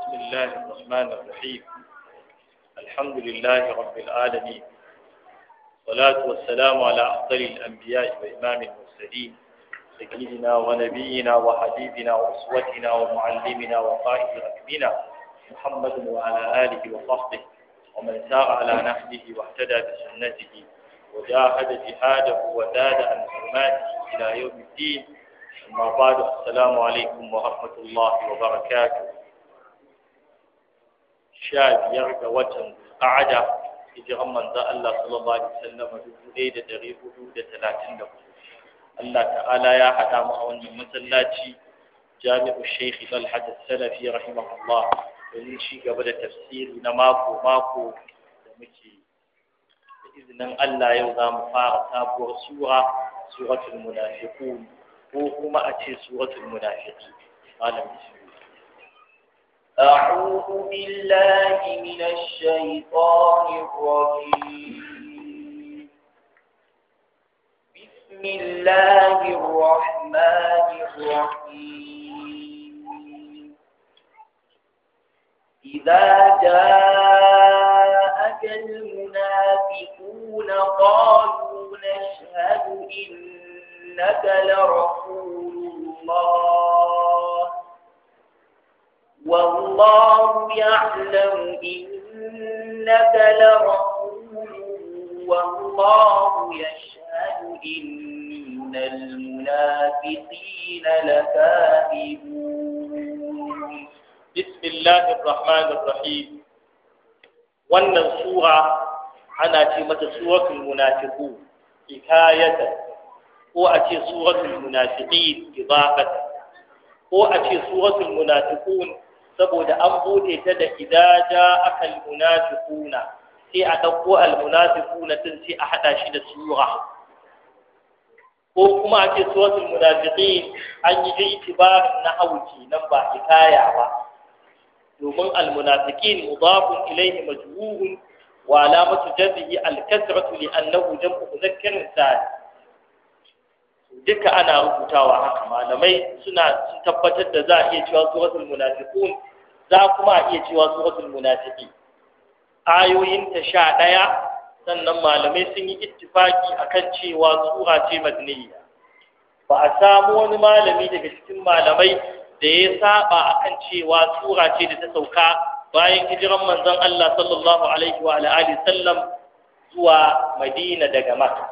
بسم الله الرحمن الرحيم الحمد لله رب العالمين والصلاة والسلام على أفضل الأنبياء وإمام المرسلين سيدنا ونبينا وحبيبنا وأسوتنا ومعلمنا وقائد ركبنا محمد وعلى آله وصحبه ومن سار على نهجه واهتدى بسنته وجاهد جهاده وزاد عن حرماته إلى يوم الدين أما بعد السلام عليكم ورحمة الله وبركاته شاب يرجى وجه قعدة إجرى من ذا الله صلى الله عليه وسلم دوليد دريه دولة ثلاثين دولة الله تعالى يا حدا معون من مسلاتي جامع الشيخ طلحة السلفي رحمه الله domin shi gaba da tafsiri na mako-mako da muke da izinin Allah yau za mu fara sabuwar sura suratul munafiqun ko kuma a ce suratul munafiqin malam أعوذ بالله من الشيطان الرجيم بسم الله الرحمن الرحيم إذا جاءك المنافقون قالوا نشهد إن إنك لرسول الله والله يعلم إنك لرسول والله يشهد إن المنافقين لكاذبون بسم الله الرحمن الرحيم wannan sura ana ce mata suratul munafiqun hikayatan ko a ce suratul munafiqin idafat ko a ce suratul munafiqun saboda an bude ta da idaja ja'aka al munafiquna sai a dauko al munafiquna din sai a hada shi da sura ko kuma a ce suratul munafiqin an yi itibar na hauki nan ba hikaya ba domin al munafiqin mudafun ilayhi majmu'un wa alamatu jazmihi al kasratu li annahu jam'u mudhakkarin duka ana rubutawa haka malamai suna tabbatar da za a iya cewa su wasu munafiqun za kuma a iya cewa su wasu munafiqi ayoyin ta sha ɗaya sannan malamai sun yi ittifaki akan cewa sura ce madaniya ba a samu wani malami daga cikin malamai da ya saba akan cewa sura ce da ta sauka bayan hijiran manzon Allah sallallahu alaihi wa alihi sallam zuwa Madina daga Makka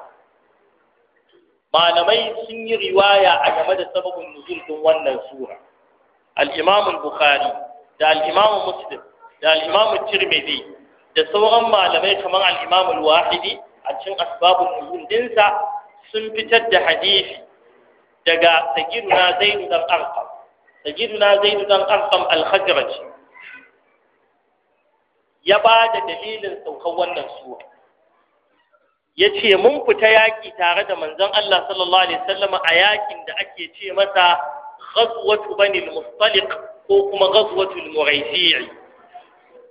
malamai sun yi riwaya a game da sababin nuzul din wannan sura al-imam al-bukhari da al-imam muslim da al-imam tirmidhi da sauran malamai kamar al-imam al-wahidi a cikin asbabun nuzul dinsa sun fitar da hadisi daga sayyiduna zaid dan arqam sayyiduna zaid dan arqam al-khazraj ya ba da dalilin saukan wannan sura ya ce mun fita yaƙi tare da manzon Allah sallallahu alaihi wasallam a yaƙin da ake ce masa ghazwatu bani al-mustaliq ko kuma ghazwatu al-muraisi'i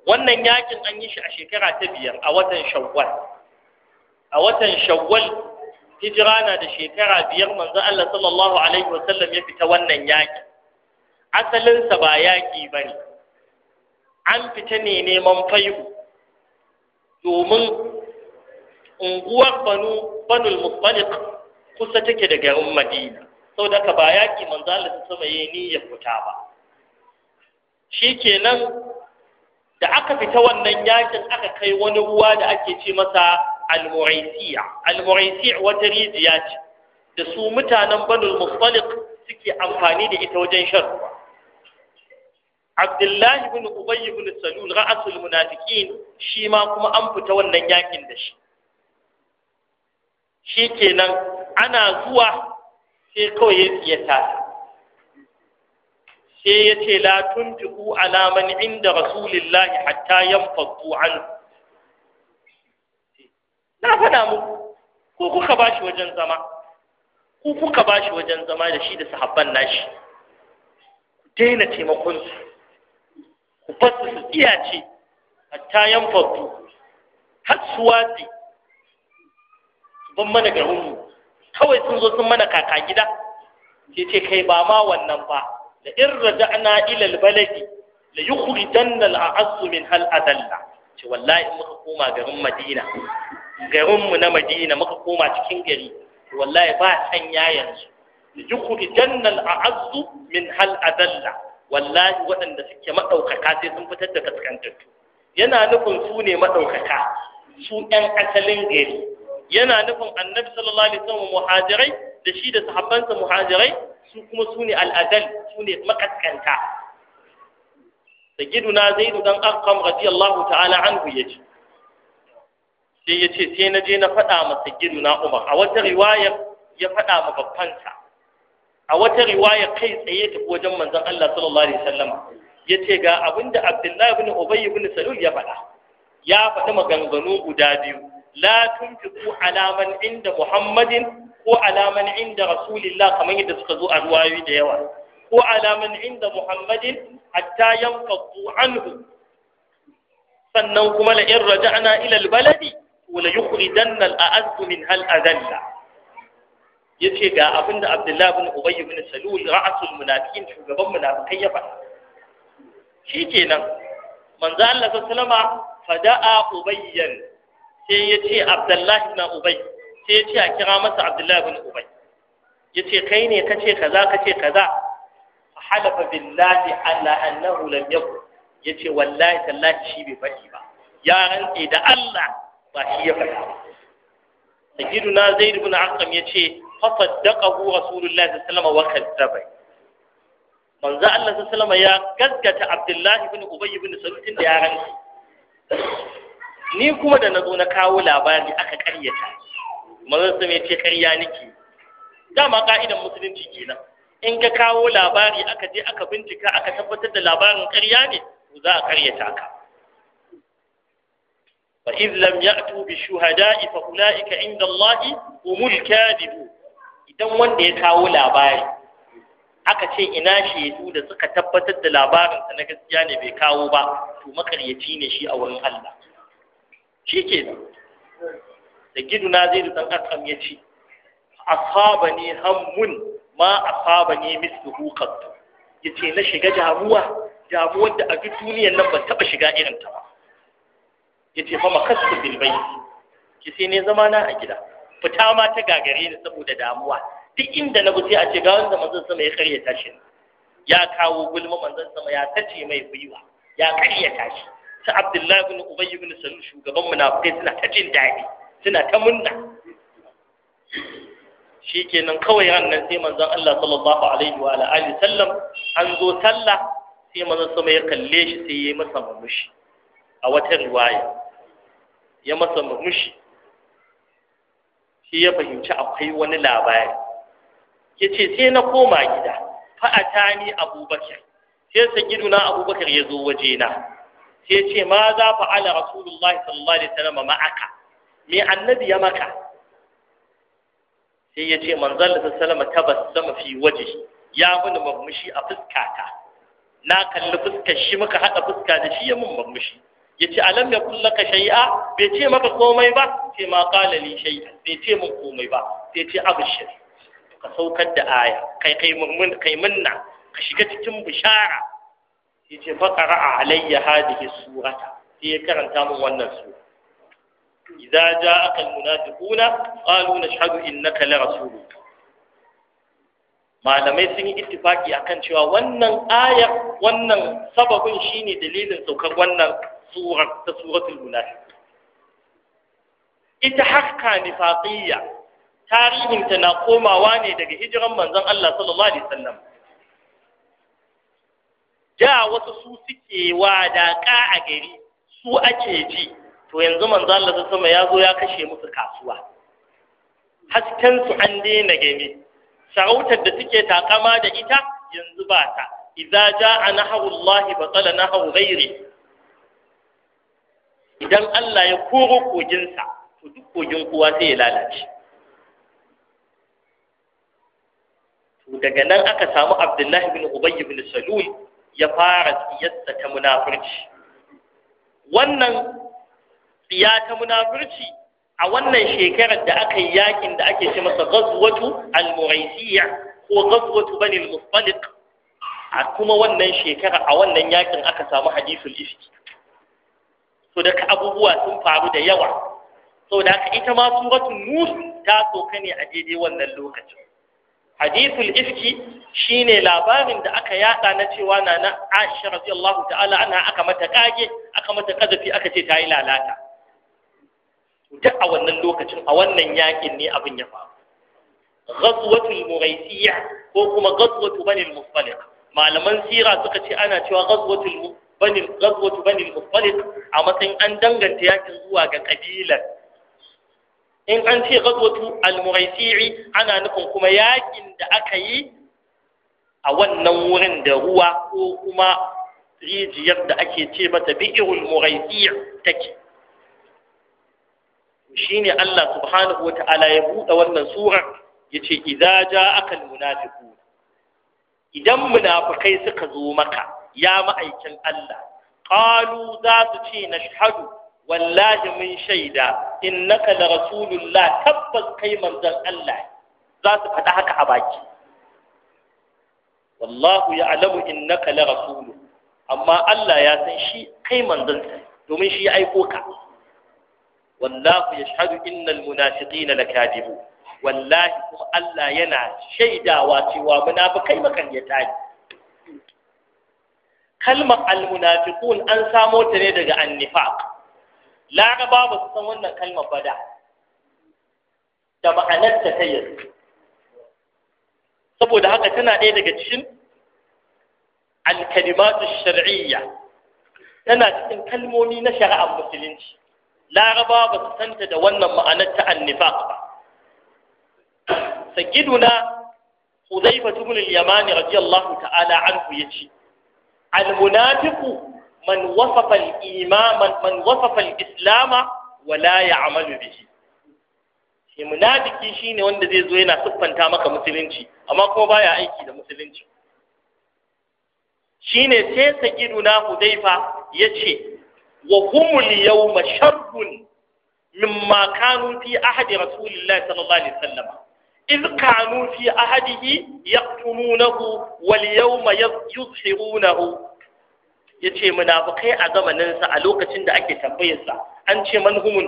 wannan yaƙin an yi shi a shekara ta biyar a watan shawwal a watan shawwal hijira na da shekara biyar manzon Allah sallallahu alaihi wasallam ya fita wannan yaƙin asalinsa ba yaƙi ba ne. an fita ne neman faihu domin unguwar banu banul mustalik kusa take da garin madina saboda ka ba yaƙi manzo Allah ta sama yayi niyyar fita ba shikenan da aka fita wannan yakin aka kai wani ruwa da ake ce masa al wata rijiya ce da su mutanen banul mustalik suke amfani da ita wajen shan ruwa Abdullahi bin Ubay bin Salul ra'asul munafiqin shi ma kuma an fita wannan yakin da shi shi kenan ana zuwa sai kawai ya ta. sai ya ce la tuku alaman man inda rasulillahi hatta fattu an na faɗa mu ko kuka shi wajen zama ko kuka shi wajen zama da shi da sahabban nashi ku daina taimakon su ku fasu su tsiyace hatta fattu har su watsi ban mana garinmu kawai sun zo sun mana kaka gida Ke ce kai ba ma wannan ba da in raja'na ila albaladi la yukhrijanna al'azzu min hal adalla ce wallahi muka koma garin Madina garinmu na Madina muka koma cikin gari wallahi ba sanya yanzu la yukhrijanna al'azzu min hal adalla wallahi waɗanda suke maɗaukaka sai sun fitar da kaskantattu yana nufin su ne maɗaukaka su yan asalin gari yana nufin annabi sallallahu alaihi wasallam muhajirai da shi da sahabbansa muhajirai su kuma su ne al'adal su ne makaskanta sayyiduna zaidu dan arqam radiyallahu ta'ala anhu ce. sai ya ce sai na je na faɗa ma sayyiduna umar a wata riwayar ya faɗa ma babbansa a wata riwaya kai tsaye ta wajen manzon Allah sallallahu alaihi wasallam ce, ga abinda Abdullahi ibn Ubay ibn Salul ya faɗa ya faɗi maganganu guda biyu la tunfiqu ala man inda muhammadin ko ala man inda rasulillah kamar yadda suka zo a ruwayoyi da yawa ko ala man inda muhammadin hatta yanfadu anhu sannan kuma la in raja'na ila albaladi wala yukhrijanna al'azzu min hal adalla yace ga abinda abdullahi bin ubay bin salul ra'asul munafiqin shugaban munafikai ya faɗa shikenan manzo Allah sallama fada'a ubayyan sai ya ce abdullahi na ubai sai ya ce a kira masa abdullahi bin ubai ya ce kai ne ka ce kaza ka ce kaza a halafa billahi ala annahu lam yakun ya ce wallahi tallahi shi bai faɗi ba ya rantse da Allah ba shi ya faɗa ba sayyiduna zaid ibn arqam ya ce fa saddaqahu rasulullahi sallallahu alaihi wasallam wa kadzaba manzo Allah sallallahu alaihi wasallam ya gaskata abdullahi ibn ubay ibn salul da ya rantse ni kuma da zo na kawo labari aka karyata su sun ce karya nake dama ka'idan musulunci kenan in ka kawo labari aka je aka bincika aka tabbatar da labarin karya ne to za a karyata ka fa iz lam ya'tu bi shuhada'i fa ulaika inda Allahi humul kadibu idan wanda ya kawo labari aka ce ina shaidu da suka tabbatar da labarinsa na gaskiya ne bai kawo ba to makaryaci ne shi a wurin Allah shi ke nan da gidu na zai dan asam ya ce ne hammun ma ne asabani misluhu Ya ce na shiga damuwa damuwar da a duk duniyan nan ban taba shiga irin ta ba Ya ce fa makastu Bilbai. Ki sai ne zama na a gida fita ma ta gagare ni saboda damuwa duk inda na sai a ce ga wanda manzon sama ya karya tashi ya kawo gulma manzon sama ya tace mai gwiwa ya karya tashi. su abdullahi bin ubayy bin salul shugaban munafikai suna ta jin daɗi suna ta munna shikenan kawai ran nan sai manzon Allah sallallahu alaihi wa alihi sallam an zo sallah sai manzon sama ya kalle shi sai ya masa murmushi a wata riwaya ya masa murmushi shi ya fahimci akwai wani labari yace sai na koma gida fa atani abubakar sai giduna abubakar ya zo wajena sai ce ma za fa ala rasulullahi sallallahu alaihi wasallam ma'aka me annabi ya maka sai ya ce manzon Allah sallallahu tabassama fi wajhi ya muni murmushi a fuskata na kalli fuskar shi muka hada fuska da shi ya mun murmushi yace alam yakul laka shay'a bai ce maka komai ba Sai ma qala li shay'a bai ce mun komai ba sai ce abshir ka saukar da aya kai kai mun kai munna ka shiga cikin bishara yace fa qara'a alayya hadhihi surata sai ya karanta min wannan sura idza ja'aka almunafiquna qalu nashhadu innaka la rasulullah malamai sun yi ittifaki akan cewa wannan ayar wannan sababin shine dalilin saukar wannan surar ta suratul munafiq ita hakka nifaqiyya tarihinta na komawa ne daga hijiran manzon Allah sallallahu alaihi wasallam Da wasu su suke wadaƙa a gari su ake ji to yanzu manzo Allah ta sama ya zo ya kashe musu kasuwa hasken su an daina gani sarautar da suke takama da ita yanzu ba ta idza jaa ba batala naharu ghairi idan Allah ya koro koginsa to duk kogin kowa sai ya lalace To daga nan aka samu Abdullahi bin Ubayy bin Salul ya fara tsiyasta ta munafurci wannan siya ta munafurci a wannan shekarar da aka yi yakin da ake ce masa ghazwatu al-muraisiyya ko ghazwatu bani al a kuma wannan shekara a wannan yakin aka samu hadisul ifki so da abubuwa sun faru da yawa da haka ita ma suratul nur ta soka ne a daidai wannan lokacin hadisul ifki shine labarin da aka yada na cewa na na Aisha radiyallahu ta'ala ana aka mata kage aka mata kazafi aka ce ta yi lalata duk a wannan lokacin a wannan yakin ne abin ya faru ghazwatul muraisiyya ko kuma ghazwatu bani al-mustaliq malaman sira suka ce ana cewa ghazwatul bani ghazwatu bani al-mustaliq a matsayin an danganta yakin zuwa ga kabilar in an ce ghazwatu al-muraisiyyi ana nufin kuma yakin da aka yi a wannan wurin da ruwa ko kuma rijiyar da ake ce mata irin muraisiyya take shine Allah subhanahu ta'ala ya buɗe wannan surar yace idza ja'aka almunafiqun idan munafukai suka zo maka ya ma'aikin Allah ƙalu za su ce shahadu, wallahi mun shaida naka la rasulullah tabbas kai manzan Allah za su faɗi haka a baki wallahu in na kala rasulu amma Allah ya san shi kai manzon domin shi ya aiko ka wallahu yashhadu innal na lakadibu wallahi kuma Allah yana shaidawa cewa munafikai makaryata ne kalmar almunafiqun an samo ta ne daga annifaq laraba ba su san wannan kalmar bada, da da ma'anar ta kai yanzu saboda haka tana ɗaya daga cikin alkalimatu shar'iyya tana cikin kalmomi na shari'ar musulunci laraba ba su santa da wannan ma'anar ta annifaq ba sayyiduna Hudhaifa ibn al-Yamani radiyallahu ta'ala anhu yace al-munafiqu man wasafa al-iman man wasafa al-islam wa la ya'malu bihi shi munafiki shine wanda zai zo yana siffanta maka musulunci amma kuma baya aiki da musulunci shine sai na hudaifa yace wa humul yawma sharrun mimma kanu fi ahadi rasulillahi sallallahu alaihi wasallam إذ كانوا في أحده يقتلونه واليوم يظهرونه yace munafikai a zamaninsa a lokacin da ake tambayarsa an ce man humul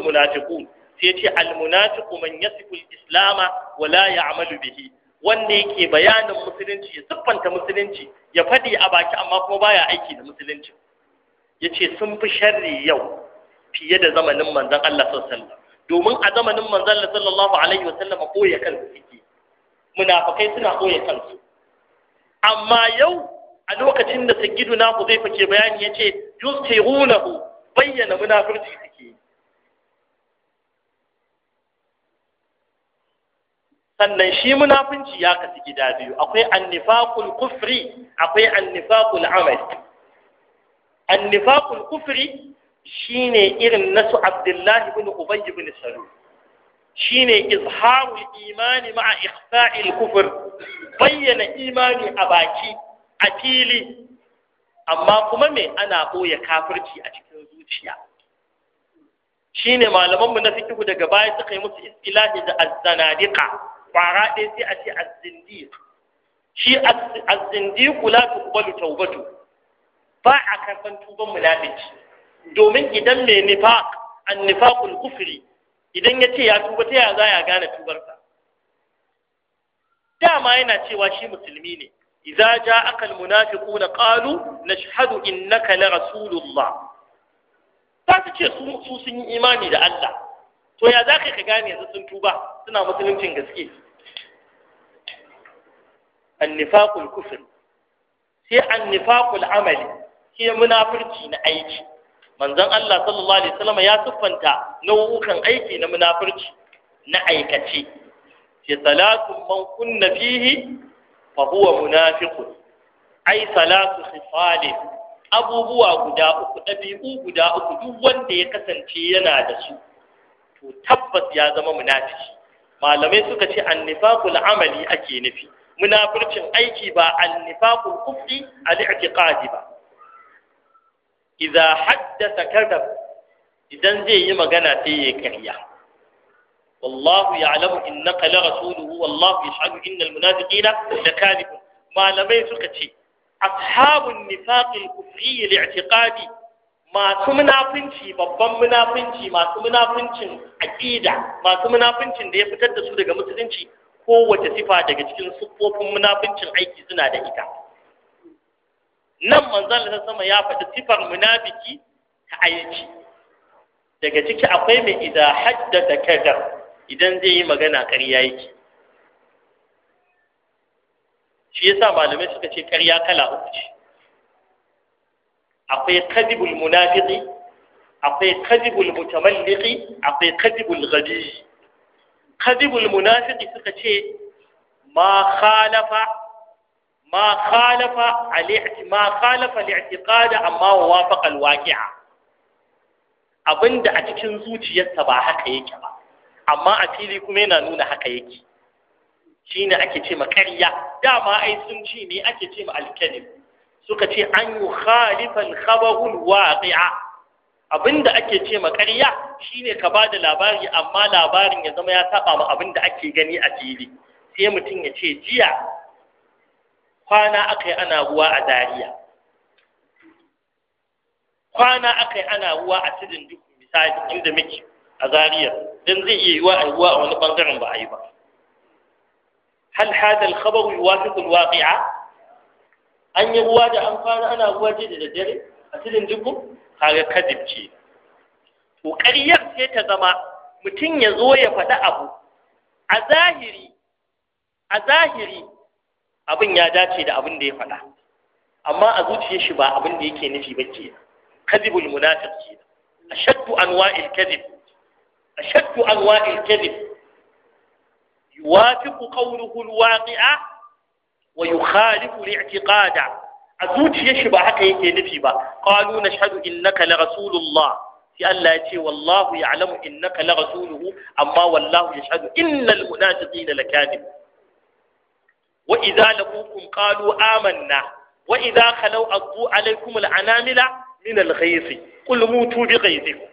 sai ce almunafiqu man yasifu al-islama wa la ya'malu bihi wanda yake bayanin musulunci ya siffanta musulunci ya faɗi a baki amma kuma baya aiki da musulunci yace sun fi sharri yau fiye da zamanin manzon Allah sallallahu alaihi wasallam domin a zamanin manzon Allah sallallahu alaihi wasallam koya kansu suke munafikai suna koya kansu amma yau a lokacin da sayyiduna zai ke bayani yace yustirunahu bayyana munafirci suke sannan shi munafunci ya kasu gida biyu akwai annifaqul kufri akwai annifaqul amali annifaqul kufri shine irin nasu Abdullahi ibn Ubay ibn Salul shine izharul imani ma'a ikhfa'il kufr bayyana imani a baki a fili amma kuma me ana ɓoye kafirci a cikin zuciya shine malaman mu na fiqh daga baya suka yi musu istilahi da azzanadiqa kwara ɗaya sai a ce az-zindiq shi az la tuqbalu tawbatu ba a karban tuban munafiki domin idan mai nifaq an-nifaqul kufri idan ya ce ya tuba ta yaya za ya gane tubarsa dama yana cewa shi musulmi ne idza ja'aka al-munafiquna qalu nashhadu innaka la rasulullah ta ce su sun yi imani da Allah to ya za ka gane yanzu sun tuba suna musuluncin gaske annifaqul kufr sai annifaqul amali sai munafurci na aiki manzon Allah sallallahu alaihi wasallam ya siffanta nau'ukan aiki na munafurci na aikace sai salatu man kunna fihi fa huwa munafiqun ai salatu khifalin abubuwa guda uku ɗabi'u guda uku duk wanda ya kasance yana da su to tabbas ya zama munafiki malamai suka ce annifaqul amali ake nufi munafircin aiki ba annifaqul kufri al-i'tiqadi ba idza haddatha kadhab idan zai yi magana sai ya karya wallahu ya'lamu innaka la rasuluhu wallahu yashhadu innal munafiqina lakadibun malamai suka ce ashabun nifaqil kufri al-i'tiqadi masu munafinci babban munafinci masu munafincin aƙida masu munafincin da ya fitar da su daga musulunci kowace sifa daga cikin siffofin munafincin aiki suna da ita nan manzon Allah sama ya faɗi sifar munafiki ta aiki daga ciki akwai mai idan haddasa kadar idan zai yi magana ƙarya yake shi yasa malamai suka ce ƙarya kala uku ce akwai kadibul munafiqi akwai kadibul mutamalliki, akwai kadibul gadi, kadibul munafiqi suka ce ma khalafa ma khalafa al ma khalafa al amma wafaqa al-waqi'a abinda a cikin zuciyarsa ba haka yake ba amma a fili kuma yana nuna haka yake shine ake ce ma ƙarya dama ai sun ci ne ake ce ma al suka ce an yi khalifan khabarul waqi'a abinda ake ce makariya shine ka ba da labari amma labarin ya zama ya saba ma abinda ake gani a fili sai mutum ya ce jiya kwana akai ana ruwa a dariya kwana akai ana ruwa a cikin duk misali inda muke a Zariya dan zai iya yiwa a ruwa a wani bangaren ba a yi ba hal hadal khabaru yuwafiqu alwaqi'a an yi ruwa da amfani ana ruwa ce da daddare a cikin duku kaga kadib ce to ƙaryar sai ta zama mutum ya zo ya faɗi abu a zahiri a zahiri abin ya dace da abin da ya faɗa amma a zuciyar shi ba abin da yake nufi ba ke kadibul munafiq ce ashaddu anwa'il kadib ashaddu anwa'il kadib yuwafiqu qawluhu alwaqi'a wa yukhalifu li'tiqada a zuciyar shi ba haka yake nufi ba qalu nashhadu innaka la rasulullah sai Allah ya ce wallahu ya'lamu innaka la rasuluhu amma wallahu yashhadu innal munafiqina lakadib wa idza laqukum qalu amanna wa idza khalaw addu alaykum al'anamila min al-ghayth qul mutu bi ghaythikum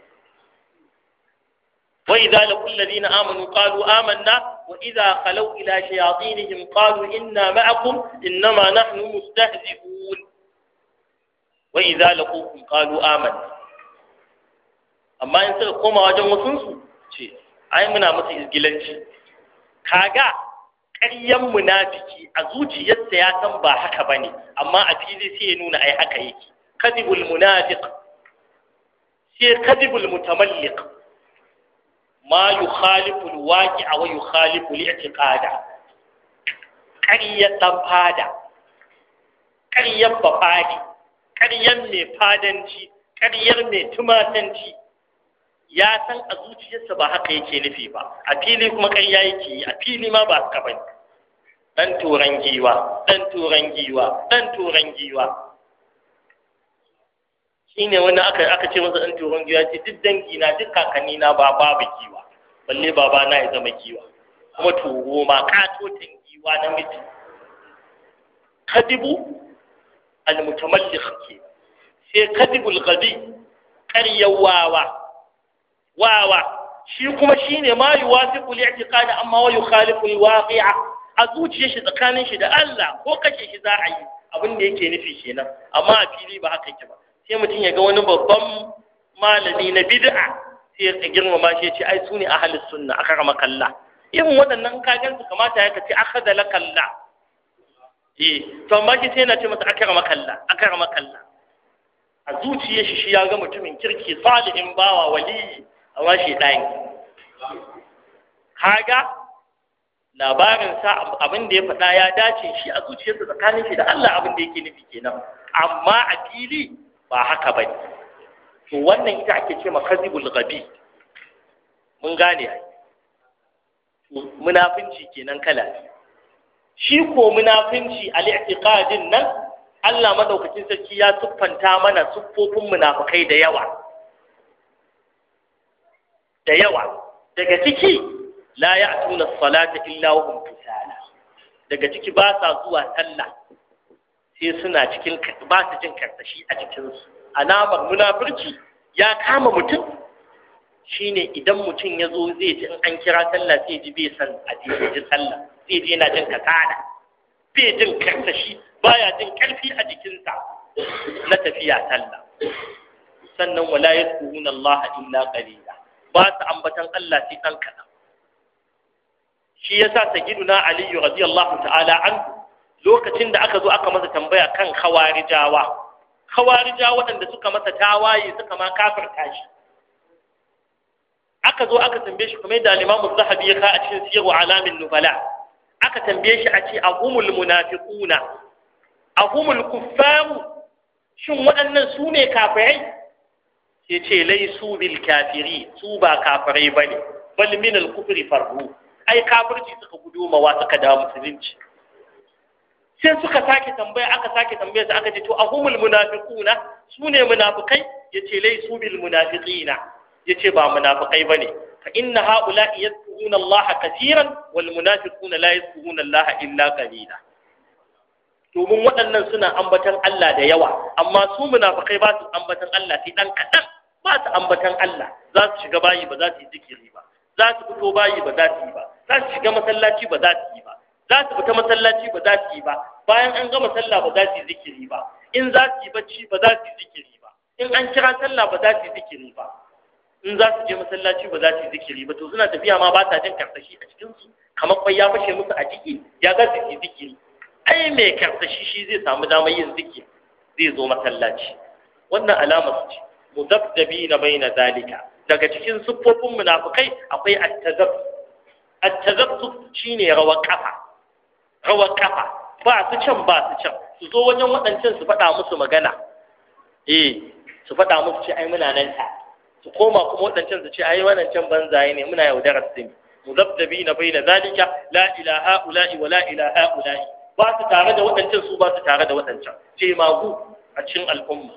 wa idza laqul ladina amanu qalu amanna وإذا خلوا إلى شياطينهم قالوا إنا معكم إنما نحن مستهزئون وإذا لقوكم قالوا آمنا أما إن سلقوما وجن وسنسو أي منا متى إزجلنشي كاغا ƙaryan munafiki a zuciyarsa ya san ba haka ba ne amma a fili sai ya nuna ai haka yake kadibul munafiq sai kadibul mutamalliq ma yukhalifu alwaqi'a wa yukhalifu al-i'tiqada ƙaryar ɗan fada ƙaryar bafadi ƙaryar mai fadanci karyar mai tumatanci ya san a zuciyarsa ba haka yake nufi ba a fili kuma ƙarya yake yi a fili ma ba haka bane Ɗan turan giwa ɗan turan giwa turan giwa ne wani aka aka ce masa dan tuhon giwa ce duk dangi na duk kakanni na ba babu giwa balle ba na ya zama giwa kuma tuho ma katotin giwa miji kadibu almutamallikh ke sai al ghadi ƙaryar wawa wawa shi kuma shine ma yuwafiqu li'tiqadi amma wa yukhalifu wafi a zuciyar shi tsakanin shi da Allah ko kashe shi za a yi abin da yake nufi kenan amma a fili ba haka yake ba sai mutum ya ga wani babban malami na bid'a sai ya girmama shi ya ce ai su ne ahalus sunna aka rama kalla irin waɗannan kagen su kamata ya kace aka da lakalla eh to amma shi sai yana ce masa aka rama kalla aka rama kalla a zuciyar shi shi ya ga mutumin kirki salihin bawa waliyi amma shi ɗayan kaga labarin sa abin da ya faɗa ya dace shi a zuciyarsa tsakanin shi da Allah abin da yake nufi kenan amma a fili ba haka ba ne. to wannan ita ake ce ma kazibul gabi mun gane munafinci kenan kala shi ko munafinci al-i'tiqadin nan Allah madaukakin sarki ya tuffanta mana tuffofin munafikai da yawa da yawa daga ciki la ya'tuna as-salata illa wa hum daga ciki ba sa zuwa sallah sai suna cikin ba su jin karsashi a jikinsu alamar munafurci ya kama mutum shine idan mutum ya zo zai ji in an kira sallah sai ji bai san a ji sallah sai ji yana jin kasala bai jin karsashi baya jin karfi a jikinsa na tafiya sallah sannan wala yadkuruna Allah illa qalila ba su ambatan Allah sai dan kaɗan shi yasa sayyiduna Ali radiyallahu ta'ala anhu lokacin da aka zo aka masa tambaya kan khawarijawa khawarija waɗanda suka masa tawaye suka ma kafirta shi aka zo aka tambaye shi kuma da al-Imam Zahabi ya ka a cikin siyarwa Alamin Nubala aka tambaye shi a ce humul munafiquna ahumul kuffaru shin waɗannan su ne kafirai Ya ce laisu bil kafiri su ba kafirai bane bal min al-kufri farhu ai kafirci suka gudu wa suka da musulunci sai suka sake tambaya aka sake tambaya su aka ce to ahumul munafiquna sune munafikai yace laysu bil munafiqina yace ba munafikai bane fa inna haula yadhkuruna Allah katiran wal munafiquna la yadhkuruna Allah illa qalila domin waɗannan suna ambatan Allah da yawa amma su munafikai ba su ambatan Allah sai dan kadan ba su ambatan Allah za su shiga bayi ba za su yi zikiri ba za su fito bayi ba za su yi ba za su shiga masallaci ba za su yi ba za su fita masallaci ba za su yi ba bayan an gama sallah ba za su yi zikiri ba in za su yi bacci ba za su yi zikiri ba in an kira sallah ba za su yi zikiri ba in za su je masallaci ba za su yi zikiri ba to suna tafiya ma ba sa jin karsashi a cikin su kamar kwai ya fashe musu a jiki ya za su yi zikiri ai mai karsashi shi zai samu damar yin zikiri zai zo masallaci wannan alama ce mudabdabi na bai na zalika daga cikin siffofin munafukai akwai attazab attazab shine rawar kafa rawar kafa ba su can ba su can su zo wajen waɗancan su faɗa musu magana eh su faɗa musu ce ai muna nan ta su koma kuma waɗancan su ce ai wannan can banzaye ne muna yaudarar su ne na bai na zalika la ilaha ula'i wa la ilaha ula'i ba su tare da waɗancan su ba su tare da waɗancan ce magu a cikin al'umma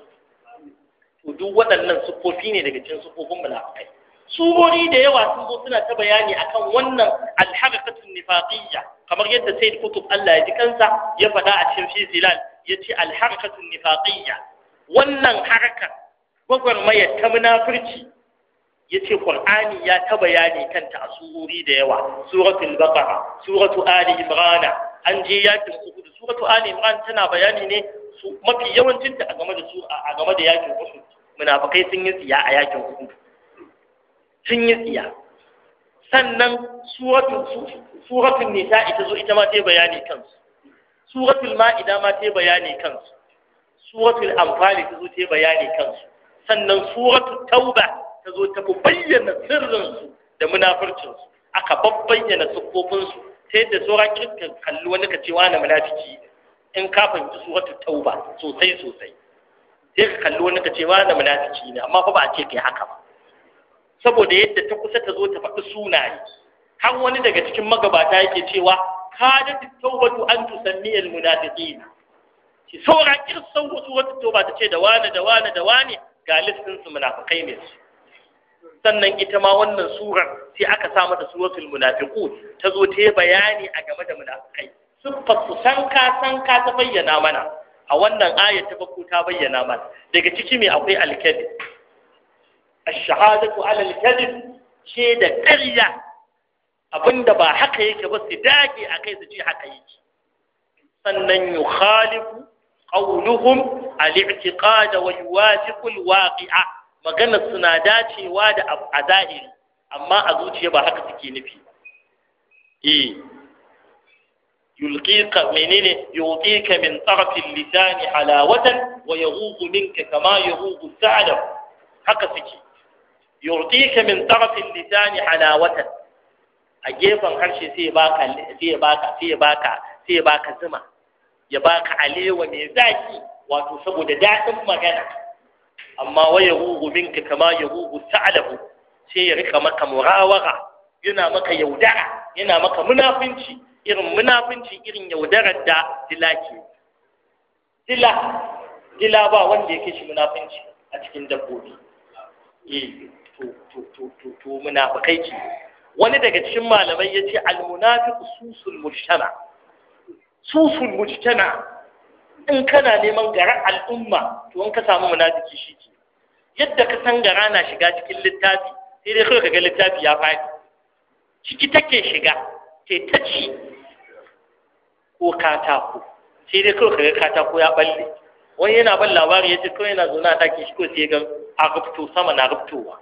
to duk waɗannan sukofi ne daga cikin sufofin munafikai surori da yawa sun zo suna ta bayani akan wannan alhaqaqatun nifaqiyya kamar yadda sayyid kutub Allah ya ji kansa ya faɗa a cikin shi zilal yace alhaqaqatun nifaqiyya wannan harkar gwagwarmaya ta munafurci ya yace qur'ani ya ta bayani kanta a surori da yawa suratul baqara suratu ali imran an je yakin uhud suratu ali imran tana bayani ne mafi yawancinta a game da su a game da yakin uhud munafikai sun yi siya a yakin uhud sun yi tsiya sannan suratun nisa ita zo ita ma ta bayani kansu suratul ma'ida ma ta bayani kansu suratul amfani ta zo ta bayani kansu sannan suratul tauba ta zo ta bayyana sirrinsu da munafurcinsu aka babbayyana siffofinsu ta yadda sauran kirkin kalli wani ka ce wani munafiki in ka fahimci suratul tauba sosai sosai sai ka kalli wani ka ce wani munafiki ne amma fa ba a ce kai haka ba saboda yadda ta kusa ta zo ta faɗi sunaye har wani daga cikin magabata yake cewa da tawbatu an tusanni al munafiqin shi saura kirsan wasu wata tawba ta ce da wani da wani da wani ga listin su munafiqai ne sannan ita ma wannan surar sai aka sa mata suratul munafiqun ta zo ta yi bayani a game da munafikai siffar su sanka sanka ta bayyana mana a wannan ayat ta bako ta bayyana mana daga ciki mai akwai alkabi ash-shahadatu ala al ce da ƙarya abinda ba haka yake ba su dage kai su ce haka yake sannan yukhalifu qawluhum al-i'tiqad wa yuwafiqu al-waqi'a magana suna dacewa da a zahiri amma a zuciya ba haka suke nufi eh yulqika menene yuƙika min tarfi lisani ala halawatan wa yaghudhu minka kama ya al-sa'lam haka suke yu'tika min tarafin lisani halawatan a gefen harshe sai ya baka sai ya baka sai ya baka sai ya baka zuma ya baka alewa mai zaki wato saboda daɗin magana amma waya hugu minka kama ya hugu ta'alahu sai ya rika maka murawara yana maka yaudara yana maka munafinci irin munafinci irin yaudarar da dila ke dila dila ba wanda yake shi munafinci a cikin dabbobi eh. to munafikai ce wani daga cikin malamai yace al-munafiqu susul mujtama susul mujtama in kana neman gara al'umma to in ka samu munafiki shi ke yadda ka san gara na shiga cikin littafi sai dai kawai ga littafi ya faɗi ciki take shiga sai ta ci ko katako sai dai kawai ga katako ya balle wani yana ban labari ya ce kawai yana zaune a ɗakin shi ko sai ga a rubto sama na rubtowa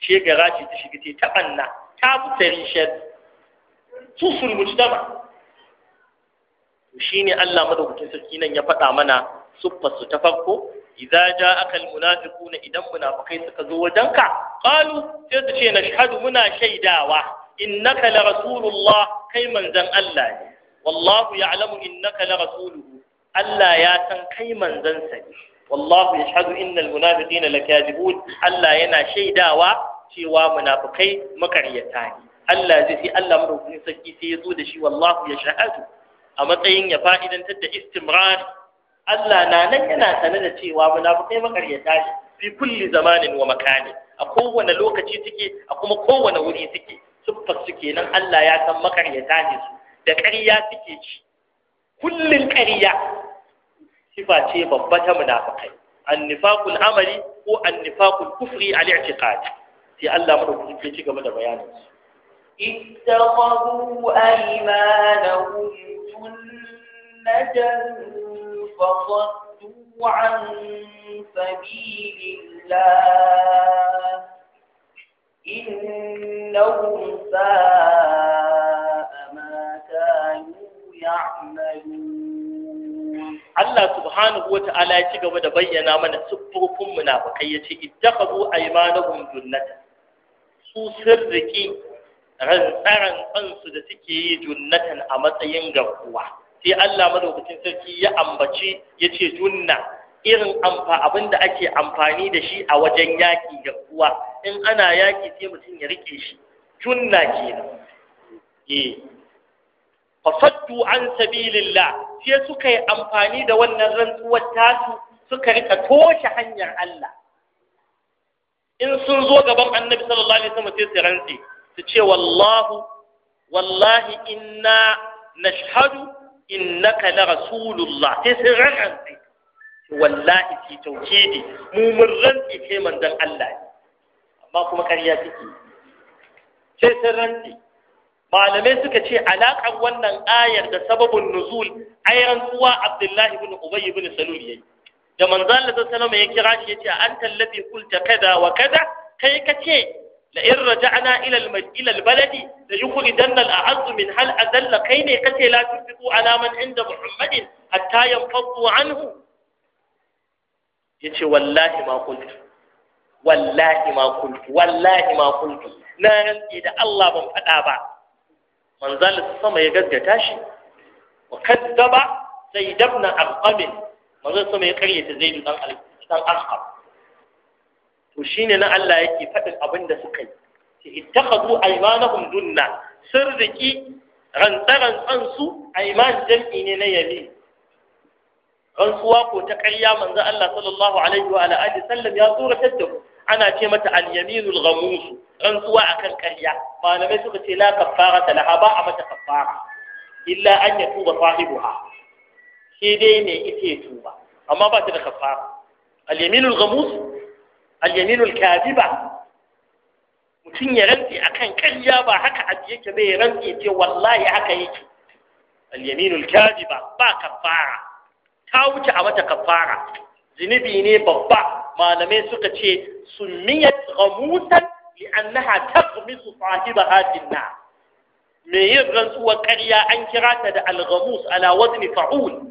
shegara ce ta shiga ta ɓanna ta butari shari susul mujtama shine Allah madaukakin sarki nan ya faɗa mana suffar su ta farko idza ja'aka almunafiquna idan munafikai suka zo wajenka qalu sai su ce nashhadu muna shaidawa innaka la rasulullah kai manzon Allah ne wallahu ya'lamu innaka la rasuluhu Allah ya san kai manzon sa ne wallahu yashhadu innal munafiqina lakadibun Allah yana shaidawa cewa munafukai makaryata ne Allah zai sai Allah madaukakin sarki sai ya zo da shi wallahu ya sha'adu. a matsayin ya fa'idantar da istimrari Allah na nan yana sane da cewa munafukai makaryata ne fi kulli zamanin wa makani a kowane lokaci suke a kuma kowane wuri suke suffar su kenan Allah ya san makaryata ne su da ƙarya suke ci kullun ƙarya sifa ce babba ta munafukai annifaqul amali ko annifaqul kufri al-i'tiqadi sai Allah mafi ke ci gaba da bayanin su. Ittaqadu aymanahum junnatan fa saddu an sabilillah innahum sa'a ma kanu ya'malun ya ci gaba da bayyana mana siffofin munafukai yace ittakhadhu aymanahum junnatan su sirriki riki kansu da suke yi junnatan a matsayin garkuwa sai Allah madaukakin sarki ya ambaci ya ce junna irin abin da ake amfani da shi a wajen yaƙi garkuwa in ana yaƙi sai mutum ya rike shi junna kenan eh fasaddu an sabilillah sai suka yi amfani da wannan rantsuwar tasu suka rika toshe hanyar Allah in sun zo gaban annabi sallallahu alaihi wasallam sai su rantsi su ce wallahu wallahi inna nashhadu innaka la rasulullah sai su rantsi wallahi ki tauhidi mu mun rantsi kai manzon Allah amma kuma ƙarya take sai sun rantsi malamai suka ce alaƙar wannan ayar da sababin nuzul ayar rantsuwa abdullahi ibn ubay ibn salul yayi da manzo Allah sallallahu alaihi ya kira shi yace anta allazi qulta kada wa kada, kai kace la in raja'na ila al ila al baladi la yukhrijanna al a'azz min hal adalla kai ne kace la tufiqu ala man inda muhammadin hatta yanfadu anhu yace wallahi ma qultu wallahi ma qultu wallahi ma qultu na rantsi da Allah ban faɗa ba manzo Allah sama ya gaggata shi wa kadzaba zaid ibn arqam manzon sama ya karyata zaidu dan dan ashab to shine na Allah yake faɗin abin da suka yi sai ittakhadhu aymanahum dunna sirriki rantsaran tsansu ayman jam'i ne na yamin rantsuwa ko ta karya manzo Allah sallallahu alaihi wa alihi sallam ya tsoratar da ana ce mata al-yaminul ghamus rantsuwa akan karya malamai suka ce la kaffarata laha ba a mata kaffara illa an yatuba sahibuha sai dai ne ita ya tuba amma ba ta da kafara al-yaminul ghamus al-yaminul kadhiba mutum ya rantsi akan karya ba haka a yake bai rantsi ce wallahi haka yake al-yaminul kabi ba kafara ta wuce a mata kafara Zinibi ne babba malamai suka ce sunniyat ghamusan li'annaha taghmisu sahibaha fil me yin rantsuwar ƙarya an kira ta da al-ghamus ala wazni fa'ul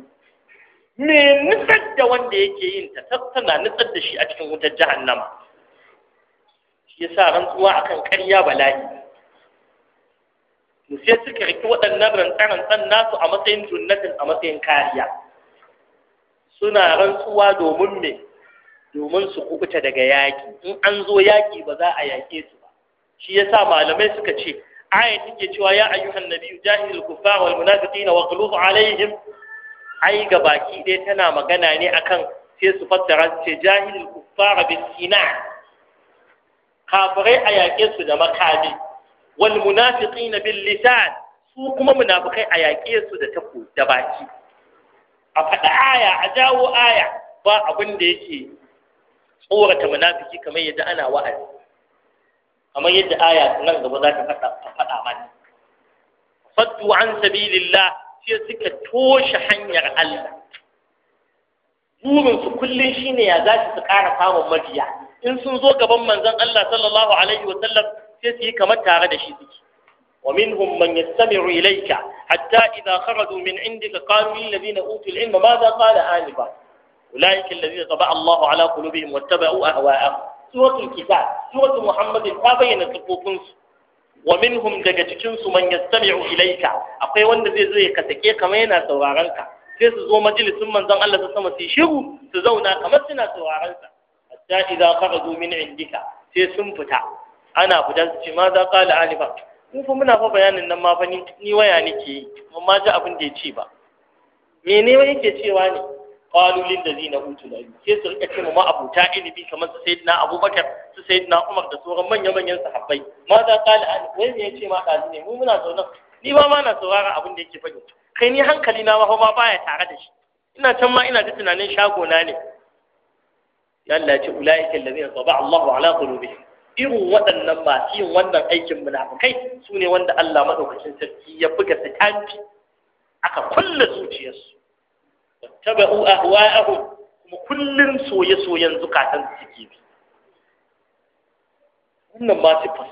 me nutsar da wanda yake yin ta tattana nutsar da shi a cikin wutar jahannama shi sa rantsuwa akan karya bala'i Mu sai suka riki waɗannan san nasu a matsayin junnatin a matsayin kariya suna rantsuwa domin me domin su kubuta daga yaƙi in an zo yaƙi ba za a yaƙe su ba shi ya sa malamai suka ce aya take cewa ya ayyuhan nabiyu jahilul kuffar wal munafiqina wa alaihim ai ga baki ɗaya tana magana ne akan sai su fassara ce jahilul kufara bil sina kafirai a yaƙe su da makami wal munafiqina bil lisan su kuma munafikai a yaƙe su da tafu da baki a faɗa aya a jawo aya ba abin da yake tsorata munafiki kamar yadda ana wa'azi kamar yadda aya nan gaba za ta faɗa mana saddu an sabilillah sai suka toshe hanyar Allah burinsu kullum shine ya za su ƙara samun mabiya in sun zo gaban manzon Allah sallallahu alaihi wa sai su yi kamar tare da shi suke ومنهم من يستمع إليك حتى إذا خرجوا من عندك قالوا للذين أوتوا العلم ماذا قال آنفا أولئك الذين طبع الله على قلوبهم واتبعوا أهواءهم سورة الكتاب سورة محمد ta bayyana صفوفنسو wa minhum daga cikin su man yastami'u ilayka akwai wanda zai zo ya kasake kamar yana sauraron ka sai su zo majalisin manzon Allah ta sama su shiru su zauna kamar suna sauraron sa hatta idza kharaju min indika sai sun fita ana fita su ce ma za qala alifa mun fa muna fa bayanin nan ma fa ni waya nake yi amma ji abin da ya ce ba Menene yake cewa ne qalu lil ladina utul ilm sai su rika cewa ma abuta ilimi kamar su sayyidina abubakar su sayyidina umar da sauran manya manyan sahabbai ma za qala an wai me yace ma dazu ne mu muna zaune ni ba ma na saurara abin da yake faɗi kai ni hankali na ma ba baya tare da shi ina can ma ina ta tunanin shago na ne ya Allah ya ce ulaika alladhina taba Allahu ala qulubihim irin waɗannan masu yin wannan aikin munafukai su ne wanda Allah maɗaukacin sarki ya buga su tanfi aka kulle zuciyarsu taba a a ahwa'ahum kuma kullum soye-soyen zukatan suke bi wannan ba siffar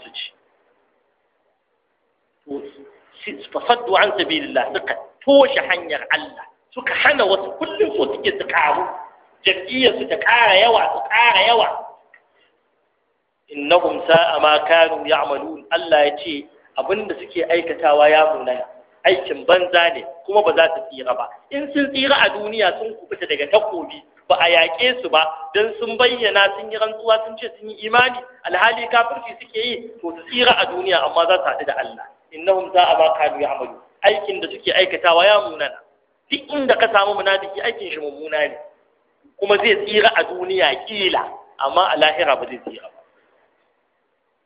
su ce fasaddu an sabilillah suka toshe hanyar Allah suka hana wasu kullum so suke su karu jam'iyyar su ta ƙara yawa su ƙara yawa innahum sa'a ma kanu ya'malun Allah ya ce abinda suke aikatawa ya munaya aikin banza ne kuma ba za su tsira ba in sun tsira a duniya sun kubuta daga takobi ba a yaƙe su ba don sun bayyana sun yi rantsuwa sun ce sun yi imani alhali kafirci suke yi to su tsira a duniya amma za su haɗu da Allah innahum za a ba kanu ya amalu aikin da suke aikatawa ya munana duk inda ka samu munafiki aikin shi mummuna ne kuma zai tsira a duniya kila amma a lahira ba zai tsira ba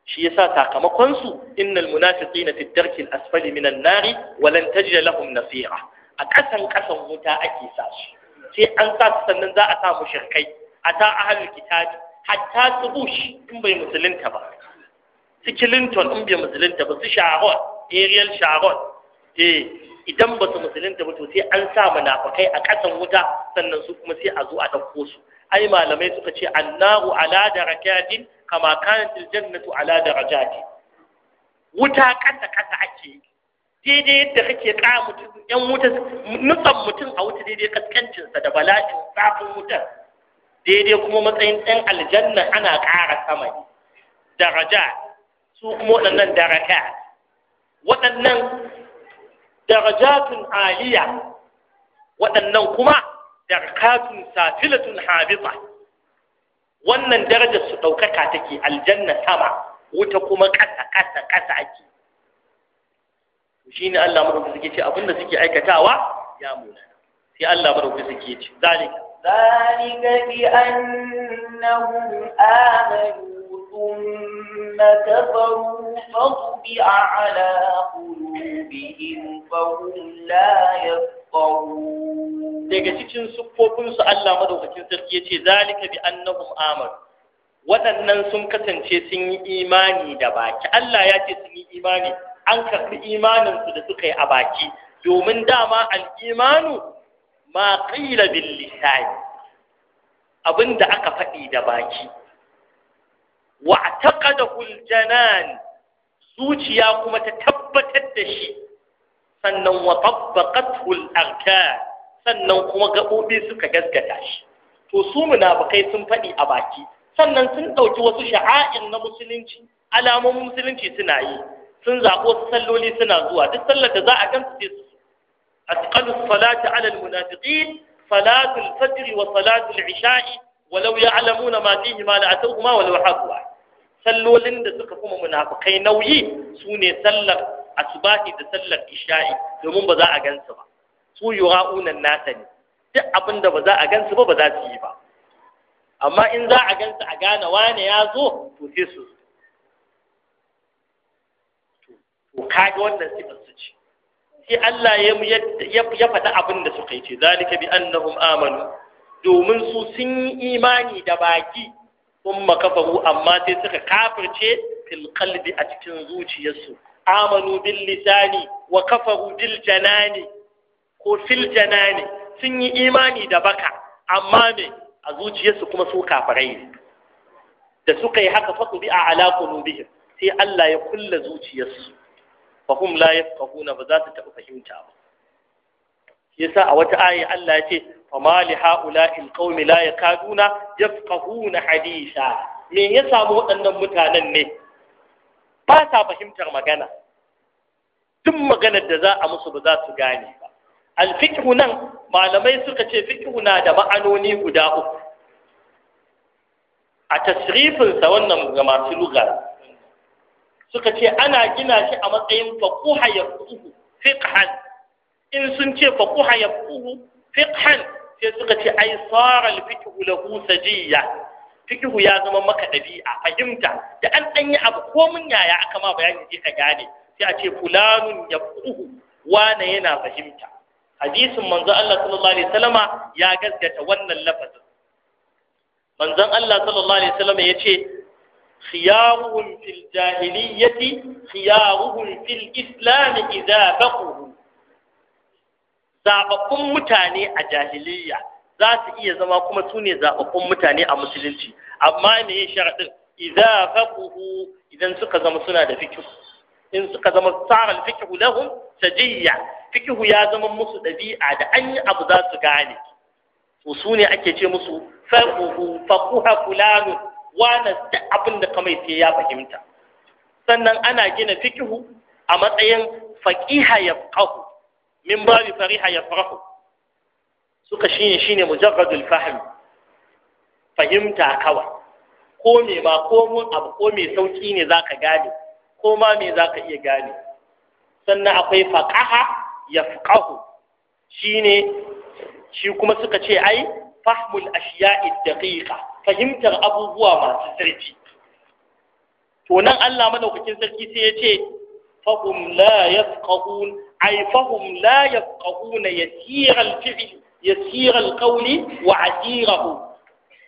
shi yasa sakamakon su innal munafiqina fi darkil asfali minan nari wa lan tajida lahum nasira a kasan kasan wuta ake sa su sai an sa su sannan za a sa mushrikai ata ahlul kitabi hatta su bush in bai musulunta ba su Clinton in bai musulunta ba su Sharon Ariel Sharon eh idan ba su musulunta ba to sai an sa munafikai a kasan wuta sannan su kuma sai a zo a dauko su ai malamai suka ce annahu ala darakatin kama kanat jannatu ala darajati wuta kasa kasa ake daidai yadda kake ka mutum yan wuta nutsan mutum a wuta daidai kaskancinsa da bala'in zafin wutar daidai kuma matsayin ɗan aljanna ana ƙara sama daraja su kuma waɗannan daraja. waɗannan darajatun aliya waɗannan kuma darakatun safilatun Habiba. wannan darajar su ɗaukaka take aljanna sama wuta kuma ƙasa ƙasa ƙasa ake ne Allah madauki suke ce abinda suke aikatawa ya muna sai Allah madauki suke ce zalika zalika bi annahum amanu ثم كفروا فطبع على قلوبهم فهم لا يفقهون daga cikin sufofin Allah madaukakin sarki yace zalika bi annahum amanu waɗannan sun kasance sun yi imani da baki Allah ya ce sun yi imani an karɓi imanin su da suka yi a baki domin dama al-imanu ma qila bil lisan abinda aka faɗi da baki wa taqadahu al-janan zuciya kuma ta tabbatar da shi sannan wa tabbaqathu sannan kuma gaɓoɓi suka gaskata shi to su munafikai sun faɗi a baki sannan sun ɗauki wasu sha'a'in na musulunci alamomin musulunci suna yi sun zaɓo wasu salloli suna zuwa duk sallar da za a gan su su asqalu salati ala almunafiqin salatu alfajr wa salatu alishai walau ya'lamuna ma fihi ma la'atuhuma walau haqwa sallolin da suka kuma munafikai nauyi sune sallar asbahi da sallar isha'i domin ba za a gansu ba su yura'unan nasa ne duk abin da ba za a gansu ba ba za su yi ba amma in za a gansu a gane wane ya zo to sai su to kaga wannan sifar su ce sai Allah ya ya faɗa abin da suka yi ce zalika bi annahum amanu domin su sun yi imani da baki sun kafaru amma sai suka kafirce fil qalbi a cikin zuciyarsu amanu bil lisani wa kafaru bil janani ko fil janani sun yi imani da baka amma me a zuciyarsu kuma su kafirai ne da suka yi haka fa bi a ala qulubihim sai Allah ya kulla zuciyarsu fa hum la yafqahuna ba za su taɓa fahimta ba yasa a wata aya Allah ya ce fa mali li haula'il qaumi la yakaduna yafqahuna hadisa me ya samu waɗannan mutanen ne ba sa fahimtar magana duk maganar da za a musu ba za su gane ba alfikihu nan malamai suka ce fikihu na da ma'anoni guda uku a tasrifinsa wannan ga masu lugar suka ce ana gina shi a matsayin ya fuhu fiqhan in sun ce ya fuhu fiqhan sai suka ce ai tsara alfikihu lahu sajiyya fiqhu ya zama maka ɗabi'a fahimta da an yi abu ko mun yaya aka ma bayani je ka gane sai a ce fulanun yafqahu wane yana fahimta hadisin manzo Allah sallallahu alaihi wasallama ya gaskata wannan lafazin manzon Allah sallallahu alaihi wasallama yace khiyaruhum fil jahiliyyati khiyaruhum fil islam idza baqu zababbun mutane a jahiliyya za su iya zama kuma su ne zaɓaɓɓun mutane a musulunci amma me ya sharaɗin idza faƙuhu idan suka zama suna da fikihu in suka zama sarar fikihu lahum sajiyya fikihu ya zama musu ɗabi'a da an yi abu za su gane to su ne ake ce musu faquhu faquha fulanu wane da abin da kamar sai ya fahimta sannan ana gina fikihu a matsayin ya faƙahu min babu fariha ya faƙahu suka shine shine mujarradul fahim fahimta kawai ko me ba ko abu ko me sauki ne zaka gane ko ma me zaka iya gane sannan akwai faqaha yafqahu shine shi kuma suka ce ai fahmul ashiya'i daƙiƙa. fahimtar abubuwa masu sarki to nan Allah madaukakin sarki sai ya ce fahum la yafqahun ai fahum la yafqahuna yasira al يسير القول وعسيره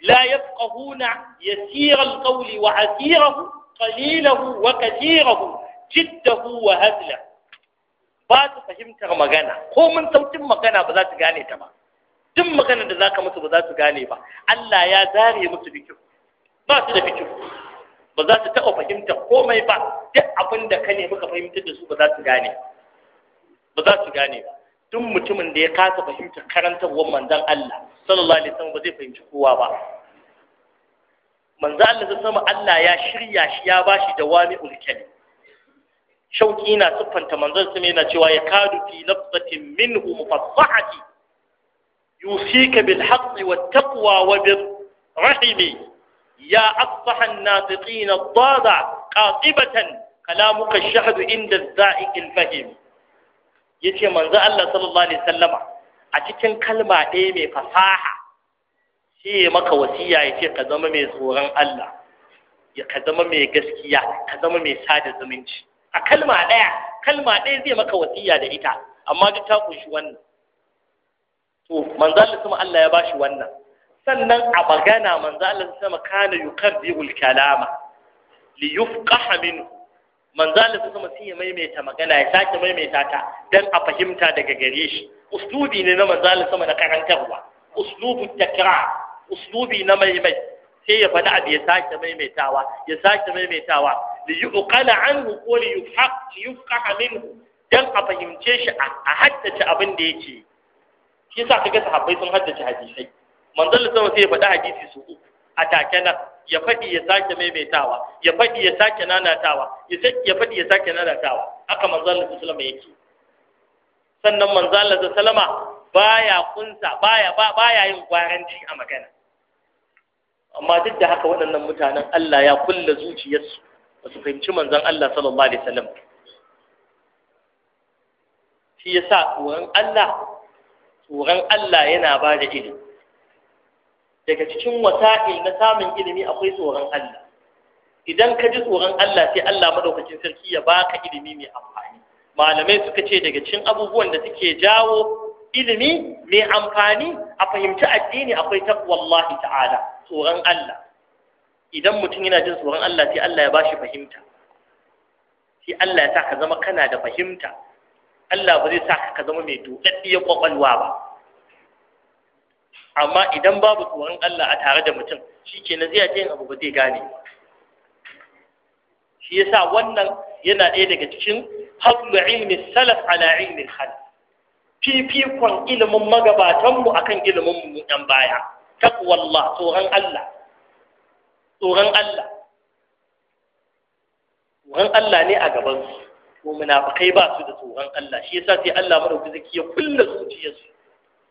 لا يفقهون يسير القول وعسيره قليله وكثيره جده وهزله ba su fahimtar magana ko mun sautin magana ba za su gane ta ba tun magana da zaka musu ba za su gane ba Allah ya zare musu fikihu ba su da fikihu ba za su taɓa fahimtar komai ba duk abin da ka nemi ka fahimtar da su ba za su gane ba za su gane ba duk mutumin da ya kasa fahimtar karantarwar manzan Allah sallallahu alaihi wasallam ba zai fahimci kowa ba manzo Allah sama Allah ya shirya shi ya bashi dawami ulkali shauki na siffanta manzon sama yana cewa ya kadu fi lafzatin minhu mufassahati yusika bil haqqi wat taqwa wa bir rahimi ya afsaha an-natiqin ad-dada qatibatan kalamuka ash inda az-za'iq al-fahim yace manzo Allah sallallahu alaihi wasallama a cikin kalma ɗaya mai fasaha shi ya maka wasiya ya ce ka zama mai tsoron Allah ya ka zama mai gaskiya ka zama mai sada zumunci a kalma ɗaya kalma ɗaya zai maka wasiya da ita amma duk ta kunshi wannan to manzo Allah sama Allah ya bashi wannan sannan a magana manzo Allah sama kana yukabbirul kalama li yufqaha minhu manzalin su sama sai ya maimaita magana ya sake maimaita ta dan a fahimta daga gare shi uslubi ne na manzalin sama na karantarwa uslubu takra uslubi na maimai sai ya faɗi abu ya sake maimaitawa ya sake maimaitawa li yuqala anhu ko li yufhaq li yufqaha minhu a fahimce shi a haddace abin da yake shi yasa kaga sahabbai sun haddace hadisai manzalin sama sai ya faɗi hadisi su uku a take nan ya faɗi ya sake maimaitawa ya faɗi ya sake nanatawa ya faɗi ya sake nanatawa haka manzo Allah sallallahu alaihi yake sannan manzo Allah sallallahu baya kunsa baya baya yin gwaranci a magana amma duk da haka waɗannan mutanen Allah ya kulla zuciyarsu ba su fahimci manzon Allah sallallahu alaihi wasallam shi yasa tsoron Allah tsoron Allah yana ba da ilimi daga cikin wasa'il na samun ilimi akwai tsoron Allah idan ka ji tsoron Allah sai Allah madaukakin sarki ya baka ilimi mai amfani malamai suka ce daga cikin abubuwan da suke jawo ilimi mai amfani a fahimci addini akwai taqwallahi ta'ala tsoron Allah idan mutum yana jin tsoron Allah sai Allah ya bashi fahimta sai Allah ya sa ka zama kana da fahimta Allah ba zai sa ka zama mai dodaddiyar kwakwalwa ba amma idan babu tsoron Allah a tare da mutum shi ke na zai yin abu ba zai gane shi ya sa wannan yana ɗaya daga cikin fadlu ilmi salaf ala ilmi hal fifikon ilimin magabatanmu akan ilimin mu ɗan baya taƙwalla tsoron Allah tsoron Allah tsoron Allah ne a gabansu. ko munafukai ba su da tsoron Allah shi ya sa sai Allah zaki ya kulle zuciyarsu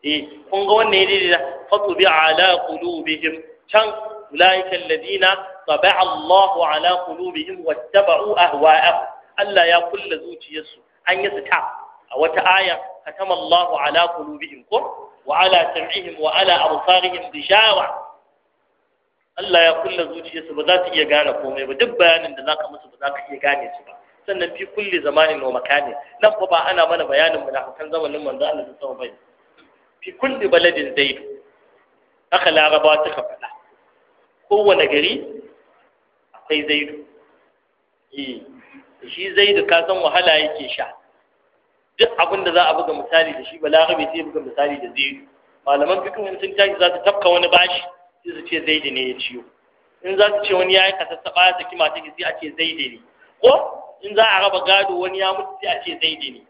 eh kun ga wannan ya daidai da fatubi ala qulubihim can ulaika alladina taba'a Allahu ala qulubihim wattaba'u ahwa'ahum Allah ya kulla zuciyarsu an yi sita a wata aya katama Allahu ala qulubihim ko wa ala sam'ihim wa ala absarihim bishawa Allah ya kulla zuciyarsu ba za su iya gane komai ba duk bayanin da zaka musu ba za ka iya gane su ba sannan fi kulli zamanin wa makani nan fa ba ana mana bayanin munafikan zamanin manzo Allah sallallahu alaihi wasallam fi kulli baladin zaidu haka laraba suka faɗa kowane gari akwai zaidu eh, shi zaidu ka san wahala yake sha duk abin da za a buga misali da shi balarabe sai buga misali da zaidu malaman fikin sun tashi za su tafka wani bashi sai su ce zaidu ne ya ciyo in za su ce wani ya yi kasassaba ta kima take sai a ce zaidu ne ko in za a raba gado wani ya mutu sai a ce zaidu ne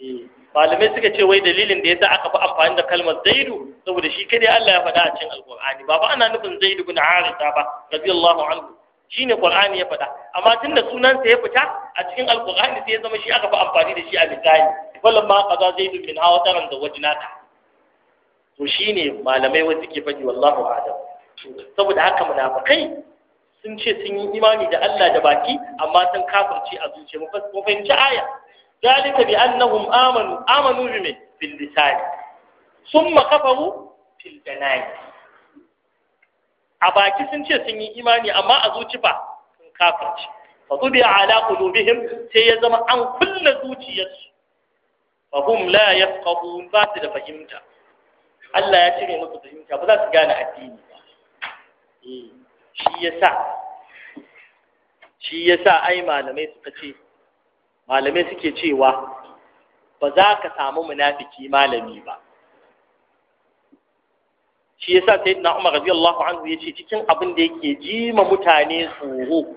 eh, malamai suka ce wai dalilin da yasa aka fi amfani da kalmar zaidu saboda shi kadai Allah ya faɗa a cikin alqur'ani ba ba ana nufin zaidu bin harisa ba radiyallahu anhu shine qur'ani ya faɗa amma tunda sunan sa ya fita a cikin alqur'ani sai ya zama shi aka fi amfani da shi a misali wallan ma qaza zaidu min hawa taran zawajnaka to shine malamai wasu ke faɗi wallahu a'lam saboda haka munafikai sun ce sun yi imani da Allah da baki amma sun kafirce a zuciya mu fahimci aya ذلك بأنهم آمنوا آمنوا بما باللسان ثم كفروا في الجنان أباكي سنشي سني إيماني أما أزوجي با كافرش فطبع على قلوبهم سيزم عن كل زوجي فهم لا يفقهون فاسد فهمتا Allah ya cire musu fahimta ba za su gane addini ba shi yasa shi yasa ai malamai suka ce malamai suke cewa ba za ka samu munafiki malami ba shi yasa sayyidina Umar radiyallahu anhu ce cikin abin da yake jima mutane tsoro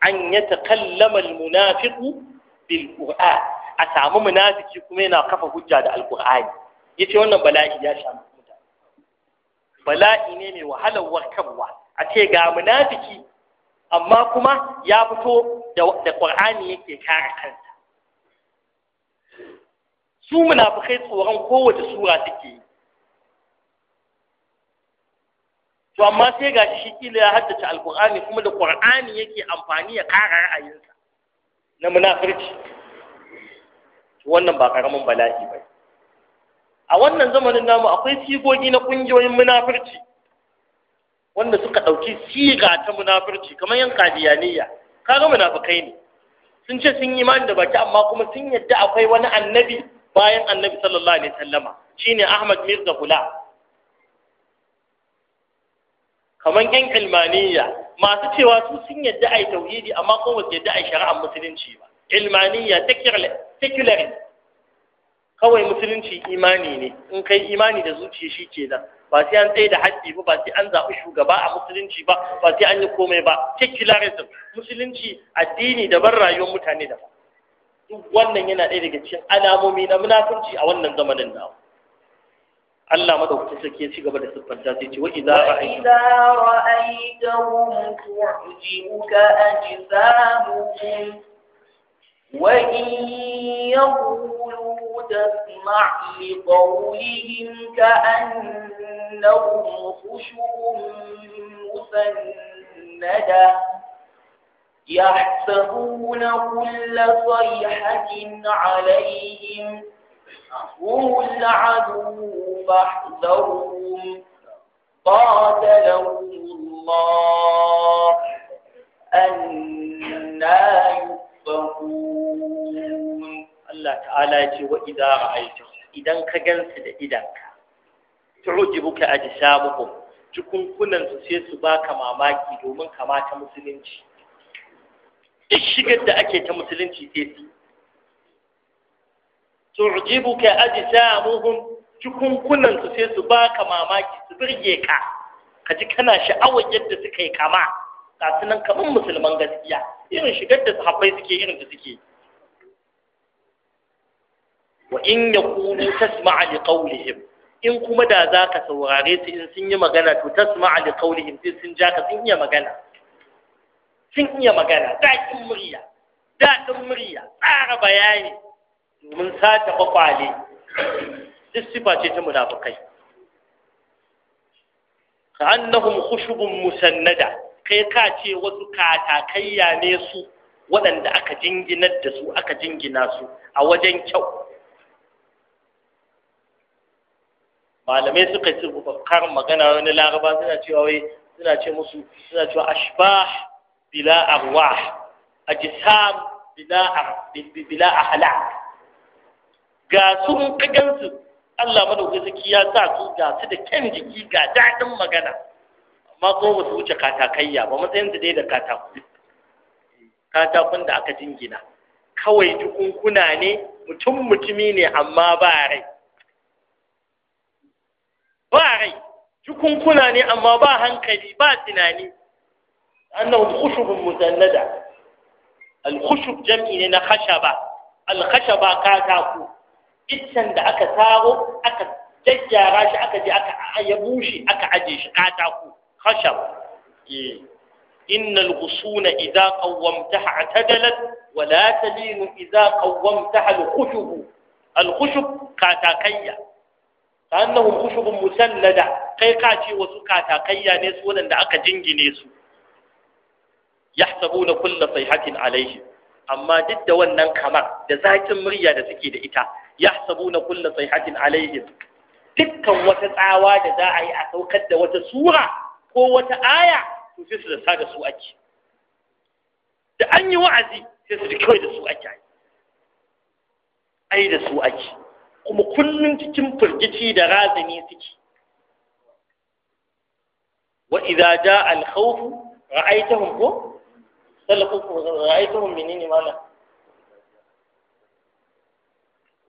an yatakallama almunafiqu bil qur'an a samu munafiki kuma yana kafa hujja da Ya ce wannan bala'i ya sha mutane bala'i ne mai wahalar warkarwa a ce ga munafiki amma kuma ya fito da ƙur'ani yake kare kanta. su munafukai tsoron kowace sura suke yi to amma sai ga shi kila ya haddace alkur'ani kuma da ƙwar'ani yake amfani ya kara ra'ayinsa na munafurci wannan ba karamin bala'i ba a wannan zamanin namu akwai sigogi na ƙungiyoyin munafurci wanda suka ɗauki siga ta munafurci kamar yan kadiyaniya kaga munafukai ne sun ce sun yi imani da baki amma kuma sun yadda akwai wani annabi bayan annabi sallallahu alaihi wasallama shine Ahmad Mirza Hula kamar yan ilmaniya masu cewa su sun yadda ai tauhidi amma ko su yadda ai shari'ar musulunci ba ilmaniya secular kawai musulunci imani ne in kai imani da zuciya shi kenan ba sai an tsaye da haƙƙi ba ba sai an zaɓi shugaba a musulunci ba ba sai an yi komai ba secularism musulunci addini da ban rayuwar mutane da. duk wannan yana ɗaya daga cikin alamomi na munafurci a wannan zamanin na Allah madaukakin sarki ya ci gaba da siffanta sai ce wa idza ra'aytahum tu'jibuka ajsamuhum وإن يقولوا تسمع لقولهم كأن لهم خشب مسندة يحسبون كل صيحة عليهم هم العدو فاحذرهم قاتلهم الله أنا يؤفكون الله تعالى يقول وإذا رأيتهم إذا كجنس إذا كان ka ajsamukum cikunkunan su sai su baka mamaki domin kamata musulunci duk shigar da ake ta musulunci sai su ka ajsamuhum cikunkunan su sai su baka mamaki su birge ka ka ji kana sha'awar yadda suka yi kama ga su nan kamar musulman gaskiya irin shigar da sahabbai suke irin da suke wa in yakunu tasma'a liqawlihim in kuma da za ka saurare su in sun yi magana to ta suma ali kaulihim sai sun ja ka sun iya magana sun iya magana daɗin murya daɗin murya tsara bayani domin sata kwakwale duk sifa ce ta munafukai ka annahum khushubun musannada kai ka ce wasu katakayya ne su waɗanda aka jinginar da su aka jingina su a wajen kyau malamai suka ce bakar magana wani laraba suna cewa wai suna ce musu suna cewa ashbah bila arwah ajsam bila bila ahla ga sun kagan su Allah madaukaki ya sa su ga su da kyan jiki ga daɗin magana amma ko ba su wuce katakayya ba matsayin su dai da kataku katakun da aka dingina. kawai dukunkuna ne mutum mutumi ne amma ba rai باعي جكم كناني أما باهن قريبات ناني أنه خشب مزندة الخشب جميلنا خشبة الخشبة كاكاكو إتسان أكا تاغو أكا تجاراش أكا دي أكا عيبوشي أكا عجيش كاكاكو خشب إن الغصون إذا قومتها اعتدلت ولا تلين إذا قومتها الخشب الخشب كاتاكيه annahum khushubun musallada kai ka ce wasu katakayya ne su wadanda aka jingine su yahsabuna kullu sayhatin alaihi amma duk da wannan kamar da zakin murya da suke da ita yahsabuna kullu sayhatin alaihi dukkan wata tsawa da za a yi a saukar da wata sura ko wata aya to sai su da sa da su ake da an yi wa'azi sai su kawai da su ake ai da su ake kuma kullum cikin firgici da razani suke wa idza jaa al khawf ra'aytahum ko salaku ra'aytahum menene mala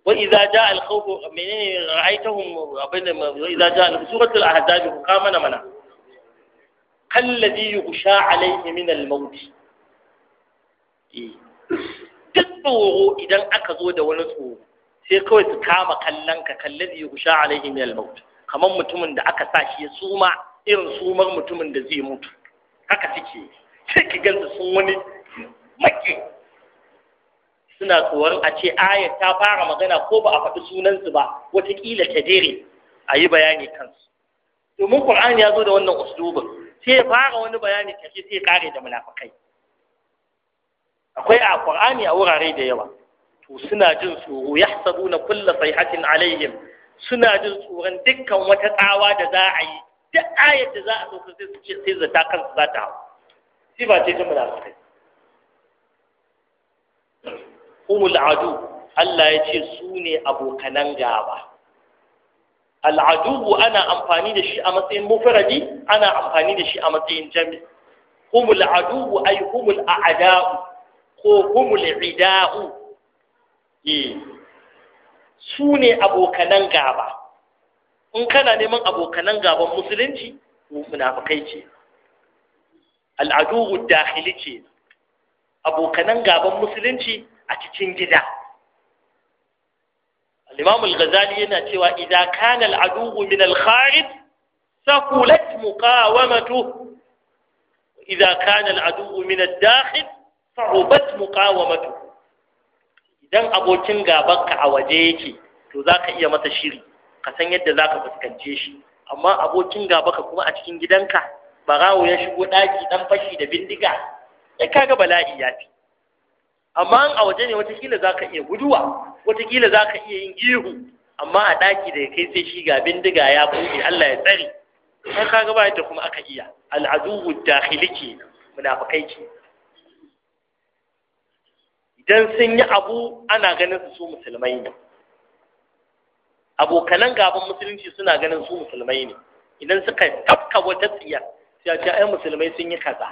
wa idza jaa al khawf menene ra'aytahum abin wa idza jaa suratul ahzab ka mana mana kalladhi yughsha alayhi min al maut eh. duk tsoro idan aka zo da wani tsoro sai kawai su kama kallon ka kallon da yusha alaihi min al-maut kamar mutumin da aka sa shi ya suma irin sumar mutumin da zai mutu haka suke sai ki gansu sun wani maki suna tsoron a ce aya ta fara magana ko ba a faɗi sunansu ba watakila ta dare a yi bayani kansu domin ƙur'ani ya zo da wannan usulubin sai ya fara wani bayani tafi sai ya kare da munafukai akwai a Qur'ani a wurare da yawa to suna jin tsoro na kulla sayhatin alaihim suna jin tsoron dukkan wata tsawa da za a yi duk ayar da za a sauka sai su ce sai zata kansu za ta hau sai ba ce ta munafikai humul adu Allah ya ce su ne abokanan gaba al'adubu ana amfani da shi a matsayin mufradi ana amfani da shi a matsayin jami humul adubu ay humul a'da'u ko humul ida'u eh su ne abokanan gaba in kana neman abokanan gaban musulunci munafikai ce al'adu dakhili ce abokanan gaban musulunci a cikin gida al-imam al-ghazali yana cewa idza kana al-adu min al-kharij saqulat muqawamatu idza kana al-adu min al dakhil sa'ubat muqawamatu Idan abokin gabanka a waje yake to za ka iya mata shiri ka san yadda za ka fuskance shi amma abokin gabaka kuma a cikin gidanka barawo ya shigo ɗaki ɗan fashi da bindiga ya kaga bala'i ya fi amma a waje ne watakila za ka iya guduwa watakila za ka iya yin ihu amma a ɗaki da ya kai sai shi ga bindiga ya buɗe Allah ya tsare ka kaga ba yadda kuma aka iya al'adu dakhili ke munafikai ke dan sun yi abu ana ganin su su musulmai ne abokanan gaban musulunci suna ganin su musulmai ne idan suka tafka wata tsiya sai a ce ai musulmai sun yi kaza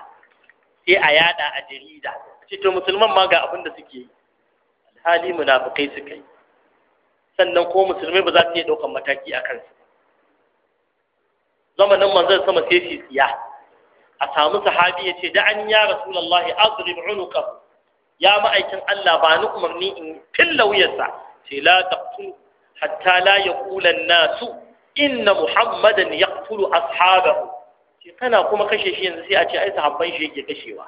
sai a yada a jarida ce to musulman ma ga abin da suke yi alhali munafikai suka yi sannan ko musulmai ba za su iya daukan mataki a kansu zamanin manzon sama sai shi tsiya a samu sahabi ya ce da an ya rasulullahi azrib unukahu ya ma'aikin Allah ba ni umarni in filla wuyarsa ce la taqtul hatta la yaqula nasu inna muhammadan yaqtulu ashabahu ce kana kuma kashe shi yanzu sai a ce ai sahabban shi yake kashewa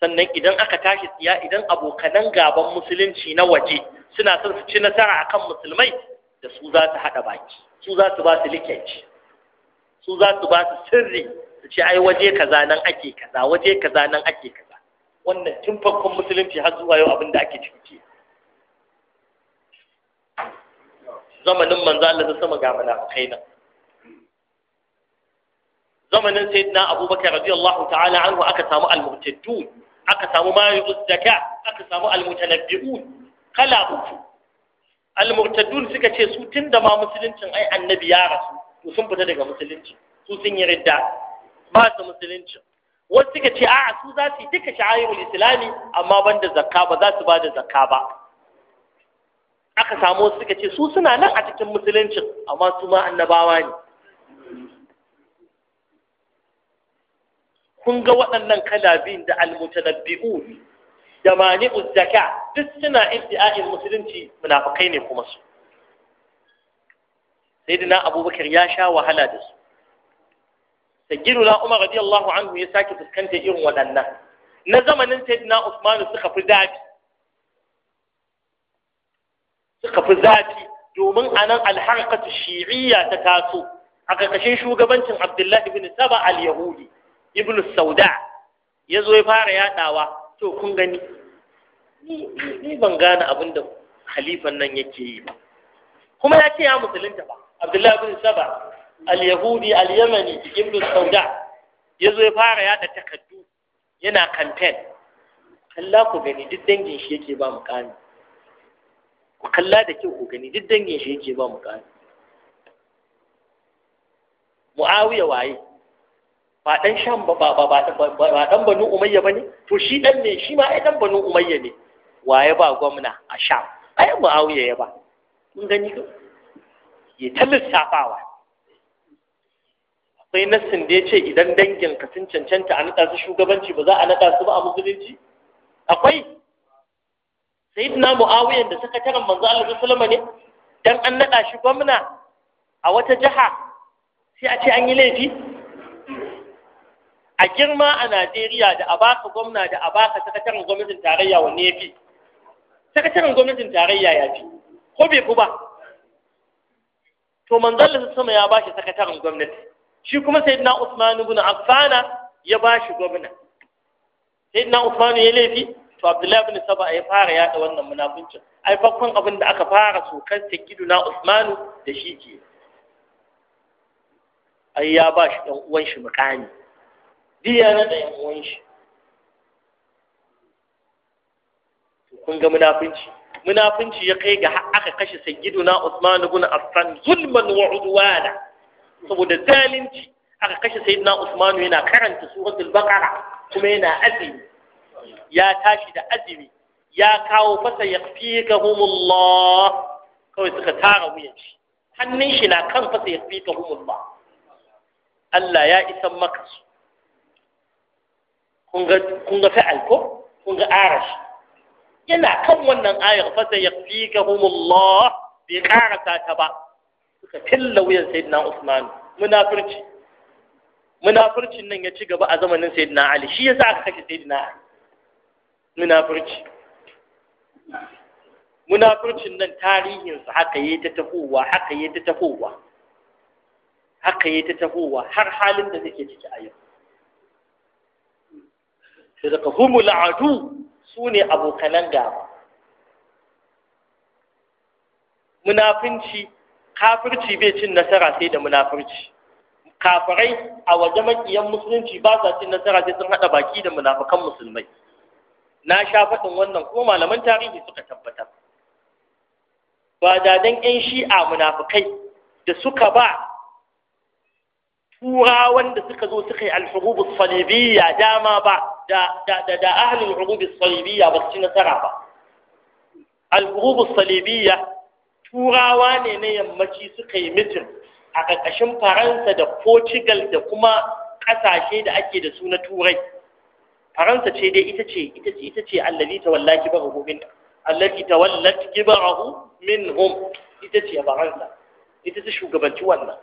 sannan idan aka tashi tsiya idan abokanan gaban musulunci na waje suna son su ci nasara akan musulmai da su za haɗa baki su za su ba su likenci su sirri su ce ai waje kaza nan ake kaza waje kaza nan ake kaza wannan tun farkon musulunci har zuwa yau abin da ake ciki zamanin manzo Allah sama ga munafikai nan zamanin sayyidina abubakar radiyallahu ta'ala anhu aka samu al-murtaddun aka samu mayu zakka aka samu al-mutanabbi'un kala uku al-murtaddun suka ce su tunda ma musuluncin ai annabi ya rasu to sun fita daga musulunci su sun yi ridda ba su musulunci wasu suka ce a'a su za su yi duka sha'ayin islami amma ban da zakka ba za su ba da zakka ba aka samu wasu suka ce su suna nan a cikin Musulunci, amma su ma annabawa ne kun ga waɗannan kala biyun da almutanabbi'u da mani zaka duk suna ibti'a'in musulunci munafakai ne kuma su sayyidina abubakar ya sha wahala da su sayyiduna Umar radiyallahu anhu ya sake fuskantar irin waɗannan na zamanin sayyidina Usman suka fi zafi suka fi zafi domin anan alharqatu shi'iyya ta taso a ƙarƙashin shugabancin Abdullahi ibn Saba al-Yahudi ibn Sauda ya zo ya fara yaɗawa, to kun gani ni ban gane abin da halifan nan yake yi ba kuma ya ce ya musulunta ba Abdullahi ibn Saba al-yahudi al-yamani ibn sauda ya zo ya fara yada takaddu yana campaign kalla ku gani duk dangin shi yake ba kani, ku kalla da kyau ku gani duk dangin shi yake ba kani. muawiya waye ba dan sham ba ba ba ba dan banu umayya bane to shi dan ne shi ma ai dan banu umayya ne waye ba gwamna a sham ai muawiya ya ba mun gani ko ya ta lissafawa sai nassin da ya ce idan dangin sun cancanta a naɗa su shugabanci ba za a naɗa su ba a musulunci akwai na muawiyan da sakataren manzo Allah sallama ne dan an naɗa shi gwamna a wata jiha sai a ce an yi laifi a girma a Najeriya da a baka gwamna da a baka sakataren gwamnatin tarayya wanne ya fi sakataren gwamnatin tarayya ya fi ko bai ku ba to manzo Allah sama ya ba shi sakataren gwamnati shi kuma na Usman ibn Affan ya bashi gwamna na Usman ya laifi to Abdullahi ibn Saba ya fara yada wannan munafincin ai farkon abin da aka fara kan sokar na Usman da shi ke ai ya bashi dan uwan shi mukani diya na da uwan shi kun ga munafinci munafinci ya kai ga aka kashe sayyiduna Usman ibn Affan zulman wa udwana saboda zalunci aka kashe sayyidina Usmanu yana karanta suratul baqara kuma yana azumi ya tashi da azumi ya kawo fasa yakfikahumullah kawai suka tara wuyan hannun shi na kan fasa yakfikahumullah Allah ya isan maka su kun ga kun fa'al ko kun ga arash yana kan wannan ayar fasa ka yakfikahumullah bai karasa ta ba suka filla wuyan sayyidina Usman munafirci munafircin nan ya ci gaba a zamanin sayyidina Ali shi yasa aka kashe sayyidina Ali munafirci munafircin nan tarihinsa haka yi ta tahowa, haka yayi ta tahowa haka yi ta tahowa, har halin da suke ciki a yau sai da humul adu su ne abokanan gaba munafinci kafirci bai cin nasara sai da munafurci kafirai a waje makiyan musulunci ba sa cin nasara sai sun haɗa baki da munafukan musulmai na sha faɗin wannan kuma malaman tarihi suka tabbatar ba da dan ƴan shi'a munafukai da suka ba turawan da suka zo suka yi alhurubu salibiyya dama ba da da da ahlul hurubu salibiyya ba su ci nasara ba alhurubu salibiyya turawa ne na yammaci suka yi mitin a ƙarƙashin faransa da portugal da kuma ƙasashe da ake da su na turai faransa ce dai ita ce ita ce ita ce allazi tawalla kibarahu min allazi tawalla min minhum ita ce faransa ita ce shugabanci wannan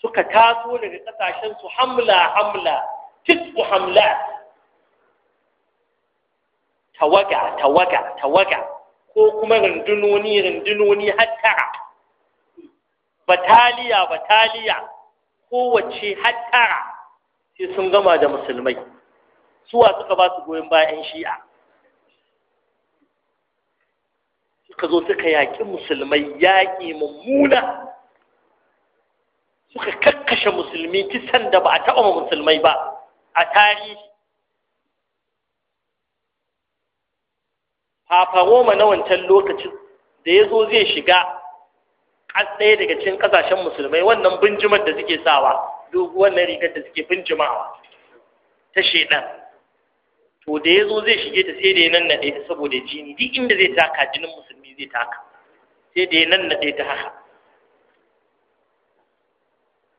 suka taso daga ƙasashen su hamla hamla tisku hamla tawaga tawaga tawaga ko kuma rundunoni rundunoni tara. bataliya bataliya kowace tara sai sun gama da musulmai suwa suka ba su goyon bayan shi'a suka zo suka yaƙi musulmai yaƙi mummuna suka kakkashe musulmi kisan da ba a taɓa musulmai ba a tarihi fafaroma na wancan lokacin da ya zo zai shiga ɗaya daga cikin ƙasashen musulmai wannan binjimar da suke sawa doguwar na rigar da suke binjimawa ta shaidan to da ya zo zai shige ta sai da ya na ta saboda jini duk inda zai taka jinin musulmi zai taka sai da ya ɗaya ta haka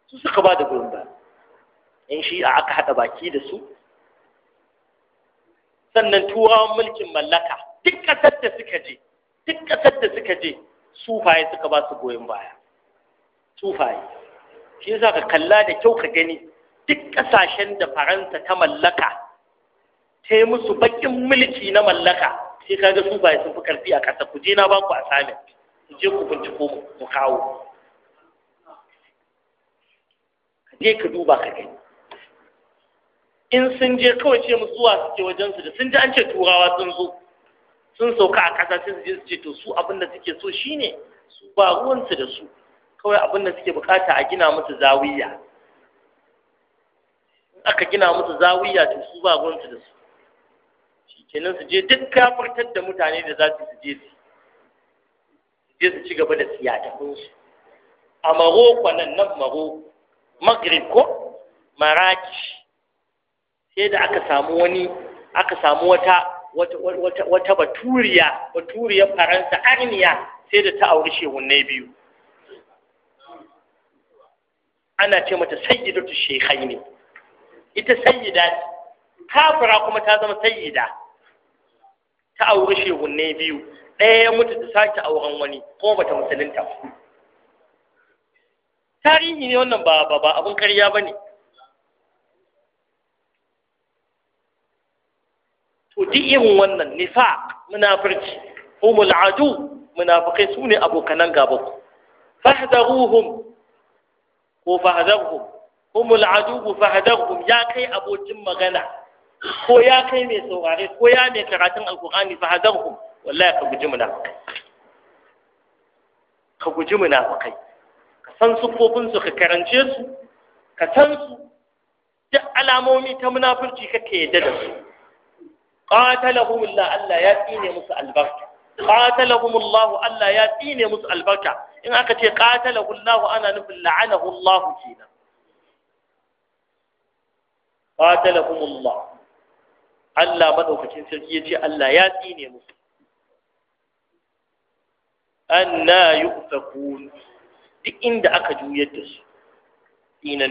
su suka ba da gurin ba in shi a aka haɗa baki da su sannan turawan mulkin mallaka duk ƙasar da suka je duk ƙasar da suka je sufaye suka ba su goyon baya sufaye shi yasa ka kalla da kyau ka gani duk ƙasashen da faransa ta mallaka ta yi musu baƙin mulki na mallaka sai ga sufaye sun fi ƙarfi a ƙasa ku je na baku a sami ku je ku binciko mu kawo ka je ka duba ka gani in sun je kawai ce musu zuwa suke wajen su da sun ji an ce turawa sun zo sun sauka a ƙasa sai su je su ce to su abin da suke so shine su ba su da su kawai abin da suke bukata a gina musu zawiya aka gina musu zawiya to su ba su da su shikenan su je duk kafirtar da mutane da za su je su je su ci gaba da siyatakunsu a maroko nan nan maroko magrib ko maraki sai da aka samu wani aka samu wata wata baturiya baturiyar faransa arniya sai da ta auri shehunai biyu ana ce mata ta shekai ne ita sayyida kafira kuma ta zama sayyida ta auri shehunai biyu ɗaya ya mutu ta sake auren wani ko bata musulunta tarihi ne wannan ba ba abun karya ne. to duk irin wannan nifaq munafirci humul adu munafiqai sune ne abokanan gaba ku fahdaruhum ko fahdaruhum humul adu fahdaruhum ya kai abokin magana ko ya kai mai saurare ko ya mai karatun alqur'ani fahdaruhum wallahi ka guji munafiqai ka guji munafiqai ka san kofin su ka karance su ka san su duk alamomi ta munafurci kake yadda da su qatalahum Allah Allah ya tsine musu albarka qatalahum Allah Allah ya tsine musu albarka in aka ce qatalahu Allah ana nufin la'anahu Allah kenan qatalahum Allah Allah madaukakin sarki yace Allah ya tsine musu duk inda aka juyar da su ne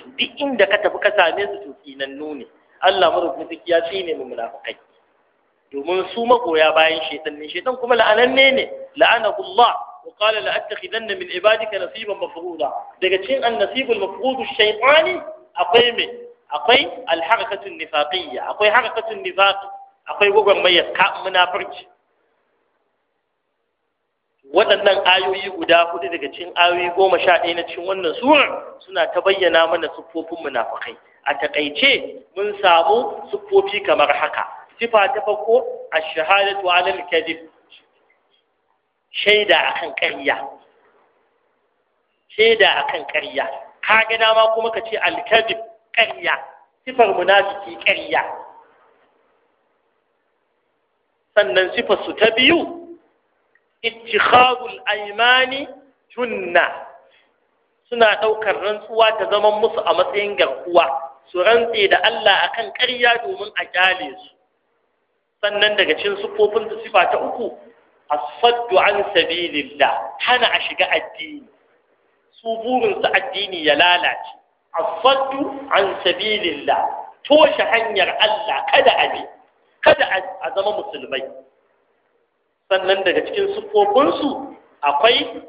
su duk inda ka tafi ka same su to tsinannu ne Allah madaukakin sarki ya tsine mu munafikai domin su magoya bayan shaitan ne shaitan kuma la'ananne ne la'anahullah wa qala la attakhidanna min ibadika nasiban mafruda daga cikin annasibul mafrudu shaytani akwai me akwai alharakatun nifaqiyya akwai harakatun nifaq akwai gwagwarmayar ka munafurci waɗannan ayoyi guda hudu daga cikin ayoyi goma sha ɗaya na cikin wannan surar suna ta bayyana mana siffofin munafukai a taƙaice mun samu siffofi kamar haka sifa ta farko a shahadatu alal kadib shaida akan ƙarya shaida akan ƙarya ka ga dama kuma ka ce alkadib ƙarya sifar munafiki ƙarya sannan sifar su ta biyu ittikhadul aymani sunna suna ɗaukar rantsuwa ta zaman musu a matsayin garkuwa su rantse da Allah a kan ƙarya domin a ƙyale su sannan daga cikin siffofin su sifa ta uku a saddu an sabilillah hana a shiga addini su burinsu addini ya lalace as-saddu an sabilillah toshe hanyar Allah kada a bi kada a zama musulmai sannan daga cikin siffofin akwai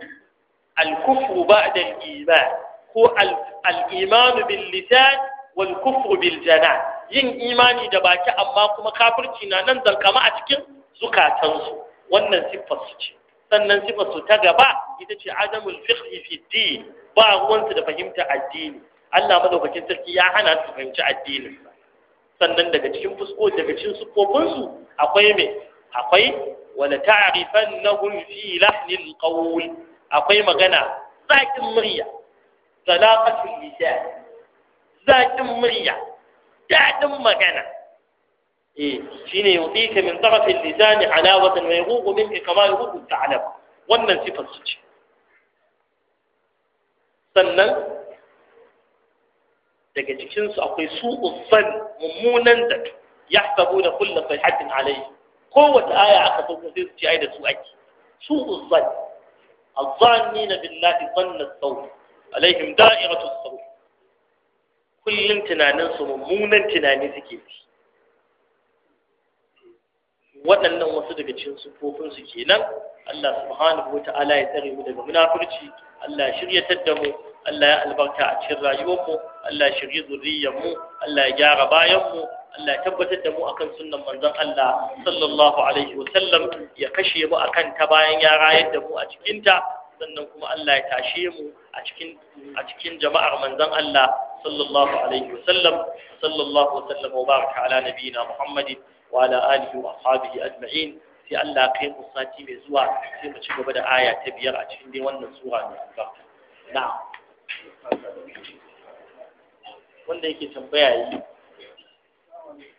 al ba da al-iman ko al bil lisan wal kufru bil yin imani da baki amma kuma kafirci na nan zankama a cikin zukatansu wannan siffar su ce sannan siffar su ta gaba ita ce adamul fiqhi fi din ba ruwansu da fahimta addini Allah madaukakin sarki ya hana su fahimci addinin sannan daga cikin fusko daga cikin sukofin akwai me akwai wala ta'rifannahum fi lahnil qawl akwai magana zakin murya talaqatul lisan zaƙin murya daɗin magana eh shine yudika min taraf al-lisan halawatan wa yughu minka kama yughu al-ta'lab wannan sifar su ce sannan daga cikinsu akwai su'ul zan mummunan zato yahsabuna kullu sayhatin alayhi kowace aya aka sauko sai su ce ai da su ake su'ul zan الظانين بالله ظن السوء عليهم دائرة السوء kullum tunaninsu mummunan tunani suke ci waɗannan wasu daga cikin sufofinsu kenan Allah subhanahu wa ta'ala ya tsare mu daga munafurci Allah ya shiryatar da mu Allah ya albarka a cikin rayuwarmu Allah ya shirye zuriyarmu Allah ya gyara bayanmu Allah ya tabbatar da mu akan sunnan manzon Allah sallallahu alaihi wa sallam ya kashe mu akan ta bayan ya rayar da mu a cikinta sannan kuma Allah ya tashe mu a cikin a cikin jama'ar manzon Allah sallallahu alaihi wasallam sallallahu wasallam wa baraka ala nabiyina Muhammadin wa ala alihi wa ashabihi ajma'in sai Allah kai mu sati mai zuwa sai mu ci gaba da aya ta biyar a cikin dai wannan sura mai albarka na'am wanda yake tambaya yi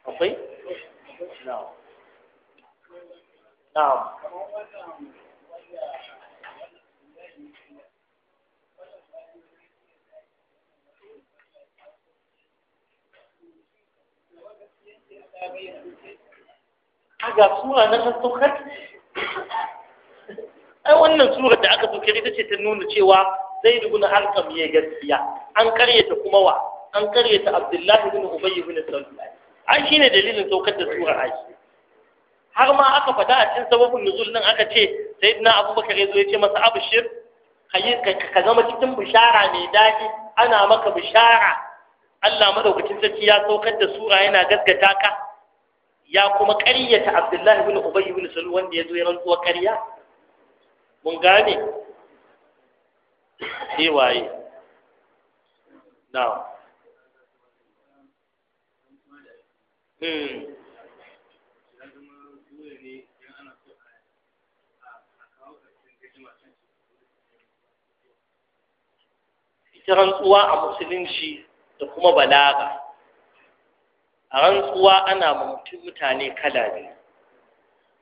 akwai na'am na'am ga sura na an saukar ai wannan sura da aka saukar ita ce ta nuna cewa zai duguna harkam ya gaskiya an karyata kuma wa an karyata abdullahi bin ubay ibn salul ai shine dalilin saukar da sura ai har ma aka fada a cikin sababin nuzul nan aka ce sayyidina abubakar ya zo ya ce masa abshir ka zama cikin bishara mai daɗi ana maka bishara Allah madaukakin sarki ya saukar da sura yana gaskata ka ya kuma ƙaryata abdullahi bin ubay bin salul wanda ya zo ya rantsuwa ƙarya mun gane sai waye na'am hmm. ita rantsuwa a musulunci da kuma balaga a rantsuwa ana ma mutum mutane kala ne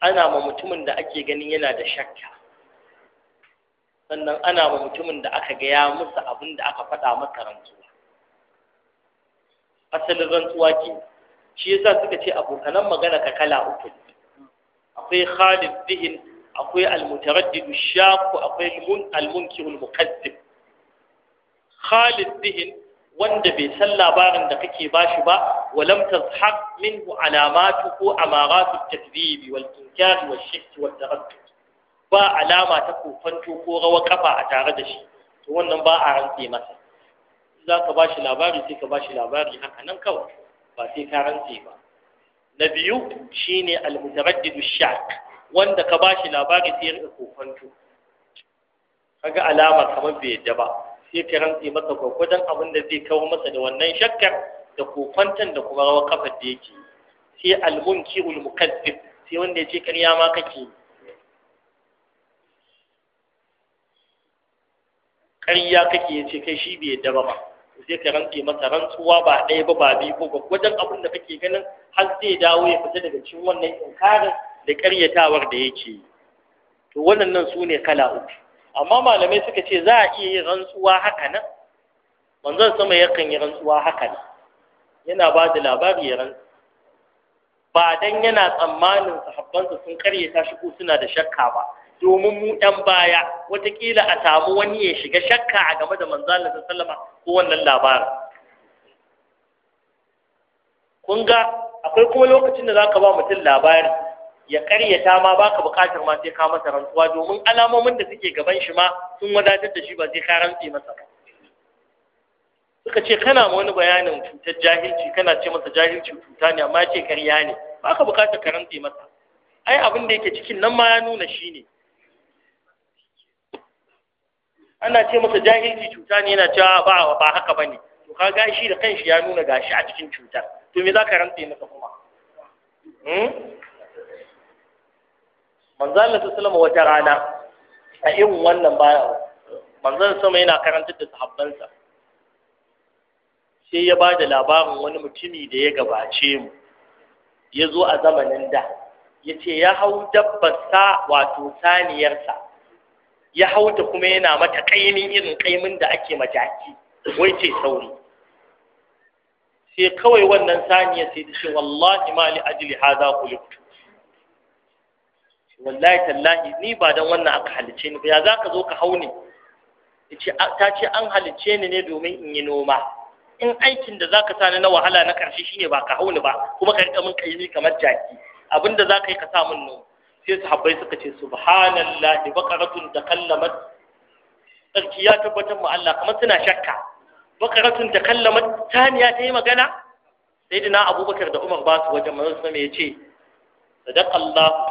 ana ma mutumin da ake ganin yana da shakka sannan ana ma mutumin da aka gaya musu abin da aka faɗa masa rantsuwa asalin rantsuwa ke shi yasa suka ce abokanan magana ka kala uku akwai khalid zihin akwai almutaraddidu shaku akwai almunkirul mukazzib khalid zihin wanda bai san labarin da kake bashi ba ولم تضحك منه علامات ko أمارات التكذيب والإنكار والشك والتردد ba alama ta kofanto ko rawa kafa a tare da shi to wannan ba a rantse masa za ka ba shi labari sai ka ba shi labari haka nan kawai ba sai ka rantse ba na biyu shine al-mutaraddidu shak wanda ka ba shi labari sai ya rika kofanto kaga alama kamar bai yadda ba sai ka rantse masa gwagwadon abin da zai kawo masa da wannan shakkar da kokwantan da kuma rawar kafar da yake sai almunki ulmukazzib sai wanda ya ce ƙarya ma kake ƙarya kake ya ce kai shi bai yadda ba sai ka rantse masa rantsuwa ba ɗaya ba ba biyu ko wajen abin da kake ganin har zai dawo ya fita daga cikin wannan inkarin da ƙaryatawar da yake yi to waɗannan su ne kala uku amma malamai suka ce za a iya yin rantsuwa haka nan manzon sama yakan yi rantsuwa haka nan yana ba da labari ya rantsa ba dan yana tsammanin sahabbansa sun karyata shi ko suna da shakka ba domin mu ɗan baya watakila a samu wani ya shiga shakka a game da da sallama ko wannan labarin kun ga akwai kuma lokacin da zaka ba mutum labari ya karyata ma baka bukatar ma sai ka masa rantsuwa domin alamomin da suke gaban shi ma sun wadatar da shi ba sai ka rantse masa ba suka ce kana ma wani bayanin cutar jahilci kana ce masa jahilci cuta ne amma ce karya ne ba ka bukata ka rantse masa ai abin da yake cikin nan ma ya nuna shi ne ana ce masa jahilci cuta ne yana cewa ba ba haka bane to ka ga shi da kanshi ya nuna gashi a cikin cutar to me za ka rantse masa kuma hmm? manzo Allah sallallahu wata rana a irin wannan ba manzo sama yana karantar da sahabbansa sai ya ba da labarin wani mutumi da ya gabace mu ya zo a zamanin da ya ce ya hau dabbarsa wato saniyarsa ya hau ta kuma yana mata kaimin irin kaimin da ake majaki wai ce sauri sai kawai wannan saniya sai ta ce wallahi ma li ajli hadha khuliqtu wallahi tallahi ni ba dan wannan aka halice ni ba ya zaka zo ka hau ni ta ce an halice ni ne domin in yi noma in aikin da zaka sa ni na wahala na karshe shine ba ka hauni ba kuma ka rika kai ni kamar jaki abinda zaka yi ka sa mun nono sai sahabbai suka ce subhanallahi baqaratun takallamat sarki ya tabbatar mu Allah kamar suna shakka baqaratun takallamat taniya ta yi magana sayyidina abubakar da umar ba su wajen manzon sama ya ce sadaqallahu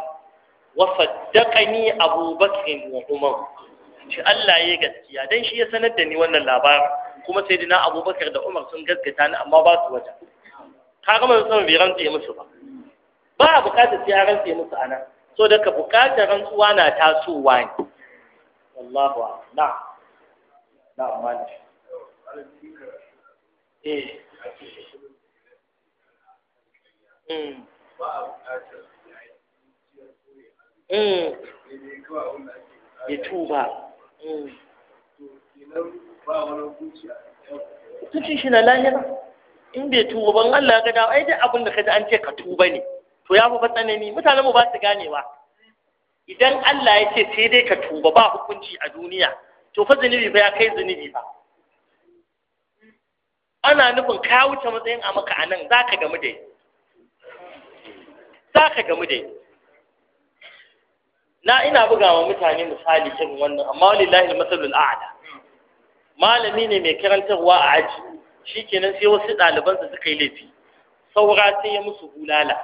wa saddaqani abubakar wa umar shi Allah ya gaskiya dan shi ya sanar da ni wannan labarin kuma sai dina abubakar da umar sun gaskata ni amma ba su wata. ka gama sama bai rantse musu ba ba a bukatar sai ya musu a nan so daga bukatar rantsuwa na tasowa ne wallahu na na eh Mm. Ya tuba. Mm. hukuncin shi na lahira in bai tuba ban Allah ga dawo ai dai abin da kaji an ce ka tuba ne to ya fi tsanani mutanen mu ba su ganewa idan Allah ya ce sai dai ka tuba ba hukunci a duniya to fa zunubi fa ya kai zunubi fa ana nufin ka wuce matsayin a maka anan ka gamu dai ka gamu dai na ina bugawa mutane misali irin wannan amma wani al-masalul a'la malami ne mai karantarwa a aji shi kenan sai wasu ɗalibansa suka yi laifi saura sai ya musu hulala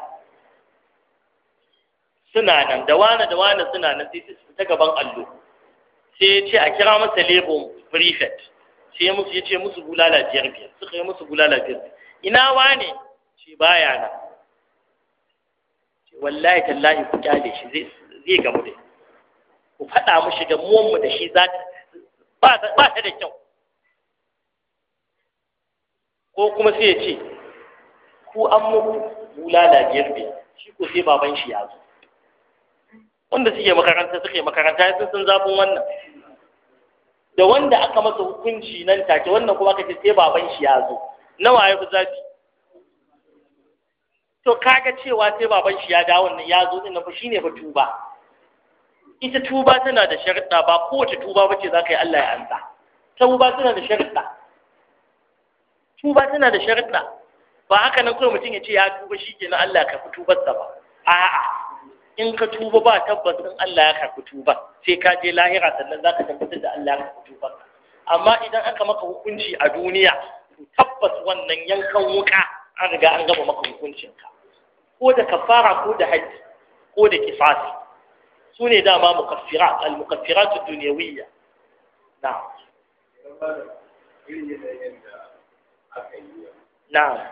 suna nan da wane da wane suna nan sai su ta gaban allo sai ya ce a kira masa lebon prefect sai musu ya ce musu bulala biyar biyar suka yi musu bulala biyar ina wane ce baya na wallahi tallahi ku kyale shi zai gamu da ku faɗa mu shiga muwanmu da shi za ta ba ta da kyau ko kuma sai ya ce ku an muku wula da ne shi ko sai baban shi ya zo wanda suke makaranta suke makaranta sun sun zafin wannan da wanda aka masa hukunci nan take wannan kuma aka ce sai baban shi ya zo nawa ya fi zafi to kaga cewa sai baban shi ya dawo wannan ya zo din fa shine fa tuba ita tuba tana da sharuɗa ba kowace tuba bace za ka yi Allah ya ansa tuba tana da sharuɗa tuba tana da sharuɗa ba haka nan kawai mutum ya ce ya tuba shi ke na Allah ka fi tubarsa ba a'a in ka tuba ba tabbas in Allah ya karɓi tuba sai ka je lahira sannan za ka tabbatar da Allah ya karɓi tuba amma idan aka maka hukunci a duniya to tabbas wannan yankan wuka an riga an gaba maka hukuncinka ko da kafara ko da haji ko da kisasi su ne dama mukaffirat al mukaffiratu dunyawiyya na'am na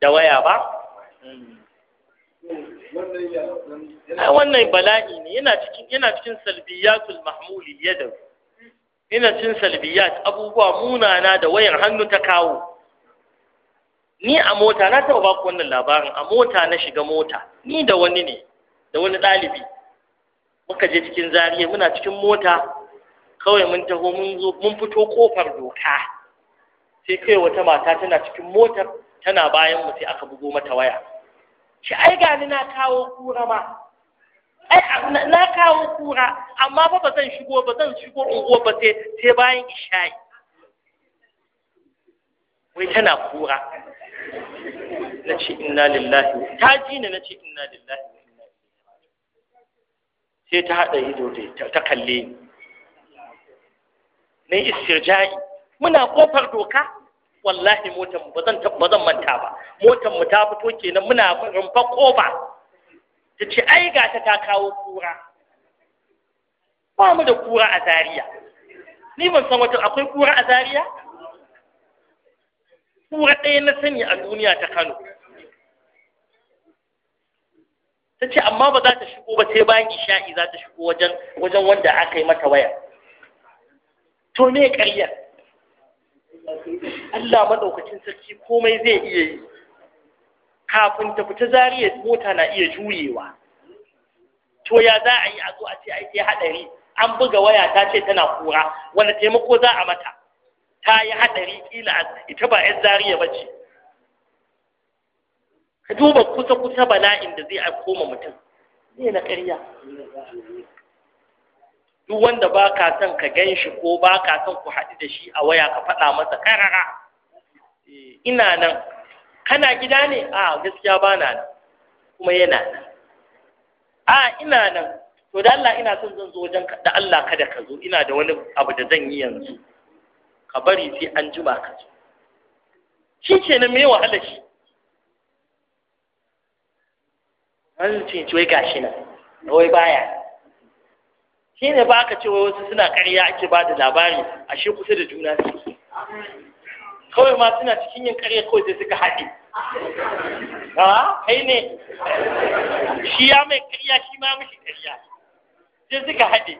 da waya ba wannan bala'i ne yana cikin yana cikin salbiyatul mahmuli yadu yana cikin salbiyat abubuwa munana da wayar hannu ta kawo ni a mota na taɓa baku wannan labarin a mota na shiga mota ni da wani ne da wani ɗalibi muka je cikin zariya muna cikin mota kawai mun taho mun zo mun fito kofar doka sai kai wata mata tana cikin motar tana bayan mu sai aka bugo mata waya shi ai gani na kawo kura ma ai na kawo kura amma fa ba zan shigo ba zan shigo unguwa ba sai sai bayan isha'i wai tana kura na ce inna lillahi ta ji na ce inna lillahi sai ta haɗa ido ta kalle ni na yi istirja'i muna kofar doka wallahi motan ba zan zan manta ba motan mu ta fito kenan muna rumfa kofa ta ce ai ga ta ta kawo kura ba mu da kura a Zariya. ni ban san wata akwai kura a Zariya? kura ɗaya na sani a duniya ta Kano ta ce amma ba za ta shigo ba sai bayan isha'i za ta shigo wajen wajen wanda aka yi mata waya to me ƙarya Allah maɗaukacin sarki komai zai iya yi kafin ta fita zariya mota na iya juyewa to ya za a yi a zo a ce ai sai haɗari an buga waya ta ce tana kura wani taimako za a mata ta yi haɗari kila ita ba 'yan zariya ba ce ka duba kusa kusa bala'in da zai aiko ma mutum zai na ƙarya duk wanda ba ka son ka gan shi ko ba ka son ku haɗu da shi a waya ka faɗa masa karara eh, ina nan kana gida ne a gaskiya ba na nan kuma yana nan a ina nan to da Allah ina son zan zo wajen da Allah kada ka zo ina da wani abu da zan yi yanzu ka bari sai an jima ka zo shi ce na me wahala shi an cinci wai gashi nan wai baya shi ne ba aka ce wai wasu suna ƙarya ake ba da labari a shi kusa da juna su kawai ma suna cikin yin ƙarya kawai sai suka haɗe ba kai ne shi ya mai ƙarya shi ma mishi ƙarya sai suka haɗe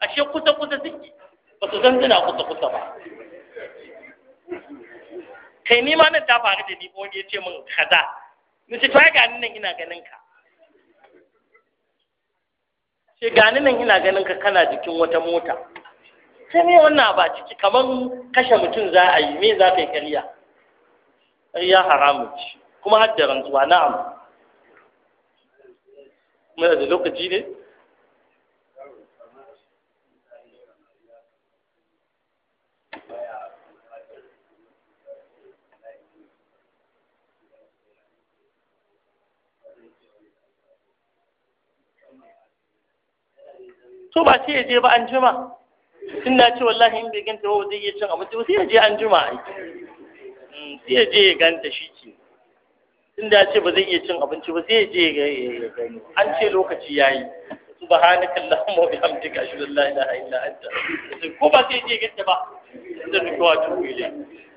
a shi kusa kusa suke ba su san suna kusa kusa ba kai ni ma nan ta faru da ni wani ya ce min kaza ni ta to ni nan ina ganin ka ce gani nan ina ganin ka kana jikin wata mota sai me wannan ba ciki kamar kashe mutum za a yi me za ka yi ƙarya ƙarya haramun ce kuma har da rantsuwa na'am muna da lokaci ne to ba sai ya je ba an juma tun na ce wallahi in bai ganta ba zai iya cin abinci ba sai ya je an jima yi hmm, sai ya je ya ganta shi ke tun da ce ba zai iya cin abinci ba sai ya je ya gani an ce lokaci ya yi سبحانك اللهم وبحمدك أشهد أن لا إله إلا أنت كما تيجي ba بقى أنت نكواته إليه